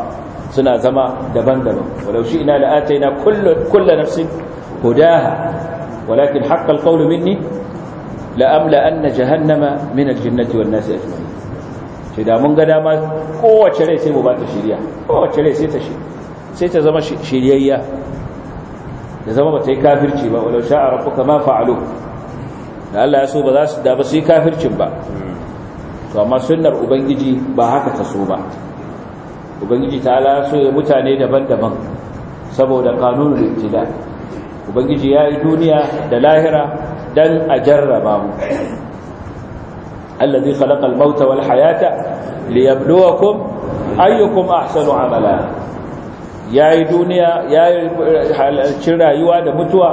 suna zama daban-daban walau shi ina kullu kullu nafsin hudaha walakin qawlu minni jahannama min al-jannati wan-nasi ajma'in sai da mun ga dama kowace rai sai mu ba ta shiriya kowace rai sai ta shiriya sai ta zama shiryayya da zama ba ta yi kafirci ba walau sha'a rabbuka ma fa'alu da Allah ya so ba za su da ba su yi kafircin ba to amma sunnar ubangiji ba haka ta so ba ubangiji ta ala so ya mutane daban-daban saboda kanunin ibtida ubangiji ya yi duniya da lahira dan a jarraba mu allazi khalaqa al-mauta wal hayata liyabluwakum ayyukum ahsanu amala ya yi duniya ya yi halarci rayuwa da mutuwa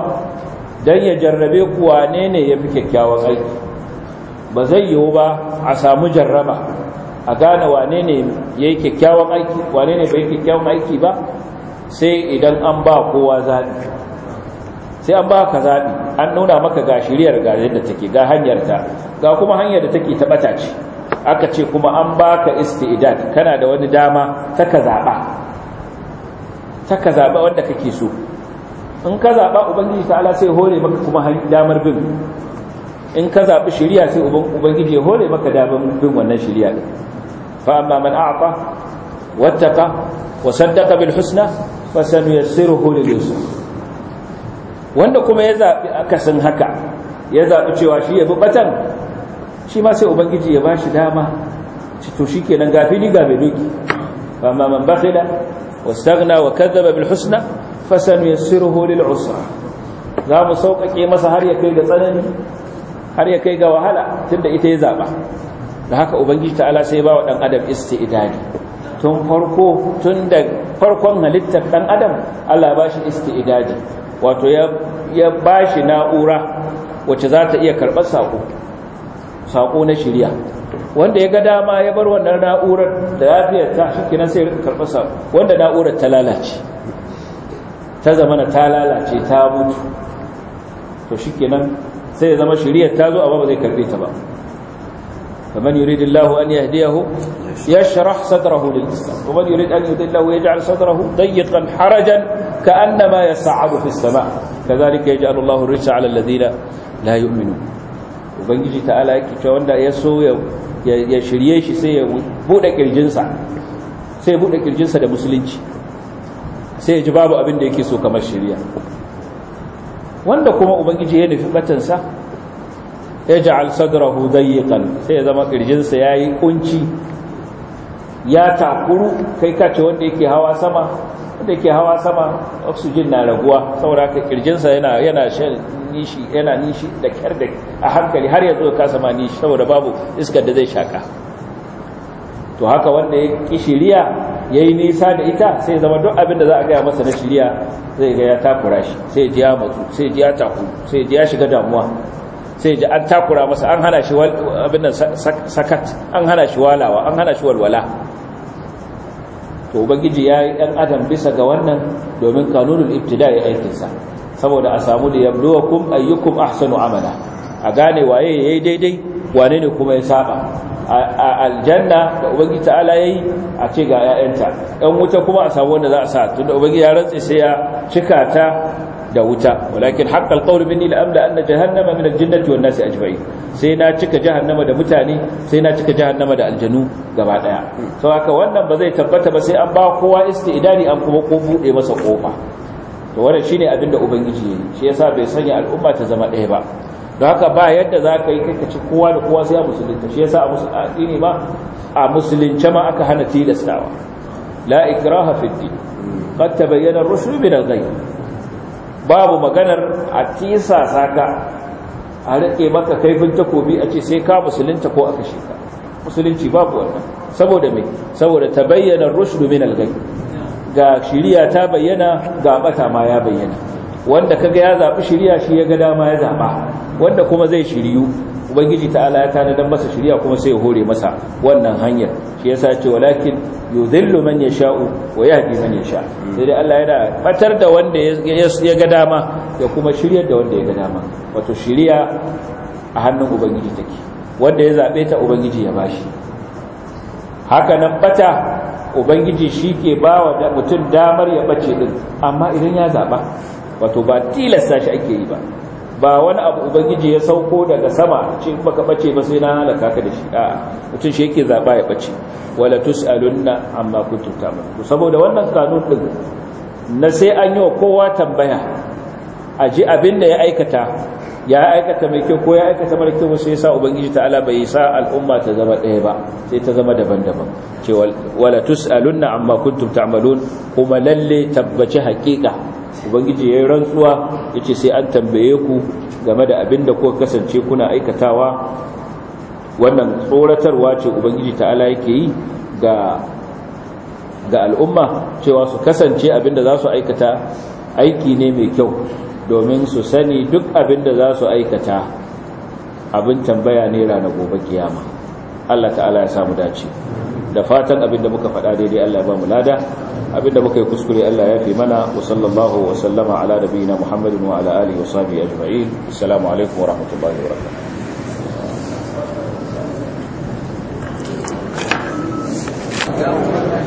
don ya jarrabe kuwa ne ne ya fi kyakkyawan aiki ba zai yiwu ba a samu jarraba a gane wane ne ya yi kyakkyawan aiki wane ne bai kyakkyawan aiki ba sai idan an ba kowa zaɓi sai an ba ka zaɓi an nuna maka ga shiriyar ga yadda take ga hanyar ta ga kuma hanyar da take taɓata ce aka ce kuma an ba ka idan kana da wani dama ta ka zaɓa ta ka zaɓa wanda kake so in ka zaɓa ubangiji ta'ala sai hore maka kuma damar bin in ka zaɓi shirya sai ubangiji ya hore maka damar bin wannan shirya ɗin fa amma man a'ata wattaka wa saddaqa bil husna fa sanuyassiruhu lil yusr wanda kuma ya zaɓi akasin haka ya zaɓi cewa shi ya bi batan shi ma sai ubangiji ya bashi dama to shikenan gafi ni gabe doki fa amma man bakhila واستغنى وكذب بالحسنى فسنيسره للعسرى za mu sauƙaƙe masa har ya kai ga tsanani har ya kai ga wahala tunda ita ya zaɓa da haka ubangiji ta'ala sai ba wa ɗan adam isti'idadi tun farko tun da farkon halittar ɗan adam Allah ba shi isti'idadi wato ya ba shi na'ura wacce za ta iya karɓar saƙo sako na shirya wanda ya ga dama ya bar wannan na'urar da lafiyar ta shikenan sai ya karɓar sako wanda na'urar ta lalace ta zamana ta lalace ta mutu to shikenan sai ya zama shiriyar ta zo amma ba zai karbe ta ba فمن يريد الله أن يهديه يشرح صدره للإسلام ومن يريد أن الله يجعل صدره ضيقا حرجا كأنما يصعد في السماء كذلك يجعل الله الرجس على الذين لا يؤمنون ubangiji ta'ala yake cewa wanda ya so ya shirye shi sai ya bude kirjinsa sai ya bude kirjinsa da musulunci sai ya ji babu abin da yake so kamar shirya wanda kuma ubangiji ya nufi batansa ya ja'al sadrahu kan sai ya zama kirjinsa yi kunci ya takuru kai kace wanda yake hawa sama wanda yake hawa sama oxygen na raguwa saboda kirjinsa yana yana nishi yana nishi da kyar da a hankali har yanzu ka sama nishi saboda babu iskar da zai shaka to haka wanda ya ki shiriya yayi nisa da ita sai zama duk abin da za a gaya masa na shiriya zai ga ya takura shi sai ji ya matsu sai ji ya taku sai ji ya shiga damuwa sai ji an takura masa an hana shi abin nan sakat an hana shi walawa an hana shi walwala to ubangiji ya yi ɗan adam bisa ga wannan domin kanunul ibtida ya aikinsa saboda a samu da kun ayyukum ahsanu amala a gane waye yayi daidai wane ne kuma ya saba a aljanna da ubangi ta'ala yayi a ce ga 'ya'yanta. ɗan wuta kuma a samu wanda za a sa tunda ubangi ya rantsa sai ya cika ta da wuta walakin haqqal qawl minni la amla anna jahannama min al wan nasi ajma'in sai na cika jahannama da mutane sai na cika jahannama da aljanu gaba daya so haka wannan ba zai tabbata ba sai an ba kowa istidani an kuma ko bude masa kofa to wannan shine abin da ubangiji yayi shi yasa bai sanya al'umma ta zama ɗaya ba don haka ba yadda za ka yi kakaci kowa da kowa sai a musulunta shi yasa a addini ba. a musulunce ma aka hana tilastawa la ikraha fi din qad tabayyana ar rusul min al-ghayb babu maganar a tisa saka a rike maka kaifin takobi a ce sai ka musulunta ko aka shi ka musulunci babu wannan saboda me saboda tabayyana ar rusul min al-ghayb ga shiriya ta bayyana ga bata ma ya bayyana wanda kaga ya zabi shiriya shi ya ga dama ya zaba wanda kuma zai shiriyu ubangiji ta'ala ya tana dan masa shiriya kuma sai ya hore masa wannan hanyar shi yasa ce walakin yudhillu man yasha'u wa yahdi man yasha sai dai Allah yana batar da wanda ya ga dama ya kuma shiryar da wanda ya ga dama wato shiriya a hannun ubangiji take wanda ya zabe ta ubangiji ya bashi haka nan bata ubangiji shi ke ba wa mutum damar ya bace din amma idan ya zaɓa wato ba tilasta shi ake yi ba ba wani abu ubangiji ya sauko daga sama ce baka bace ba sai na halaka ka da shi a mutum shi yake zaba ya bace wala tusalunna amma kuntum ta'malun saboda wannan kanun din na sai an yi wa kowa tambaya a ji abin da ya aikata ya aikata mai kyau ko ya aikata mara kyau sai yasa ubangiji ta'ala bai sa al'umma ta zama ɗaya ba sai ta zama daban-daban ce wala tus'alunna amma kuntum ta'malun kuma lalle tabbaci haƙiƙa ubangiji yayin rantsuwa yace sai an tambaye ku game da abin da kuka kasance kuna aikatawa wannan tsoratarwa ce ubangiji ta'ala yake yi ga ga al'umma cewa su kasance abin da za su aikata aiki ne mai kyau domin su sani duk abin da za su aikata abin tambaya ne ranar gobe kiyama Allah ta'ala ya samu dace da fatan abin da muka faɗa daidai Allah ya ba mu lada abin da muka yi kuskure Allah ya fi mana wa sallallahu wa sallama ala nabiyina Muhammadin wa ala alihi wa sahbihi ajma'in assalamu alaikum wa rahmatullahi wa barakatuh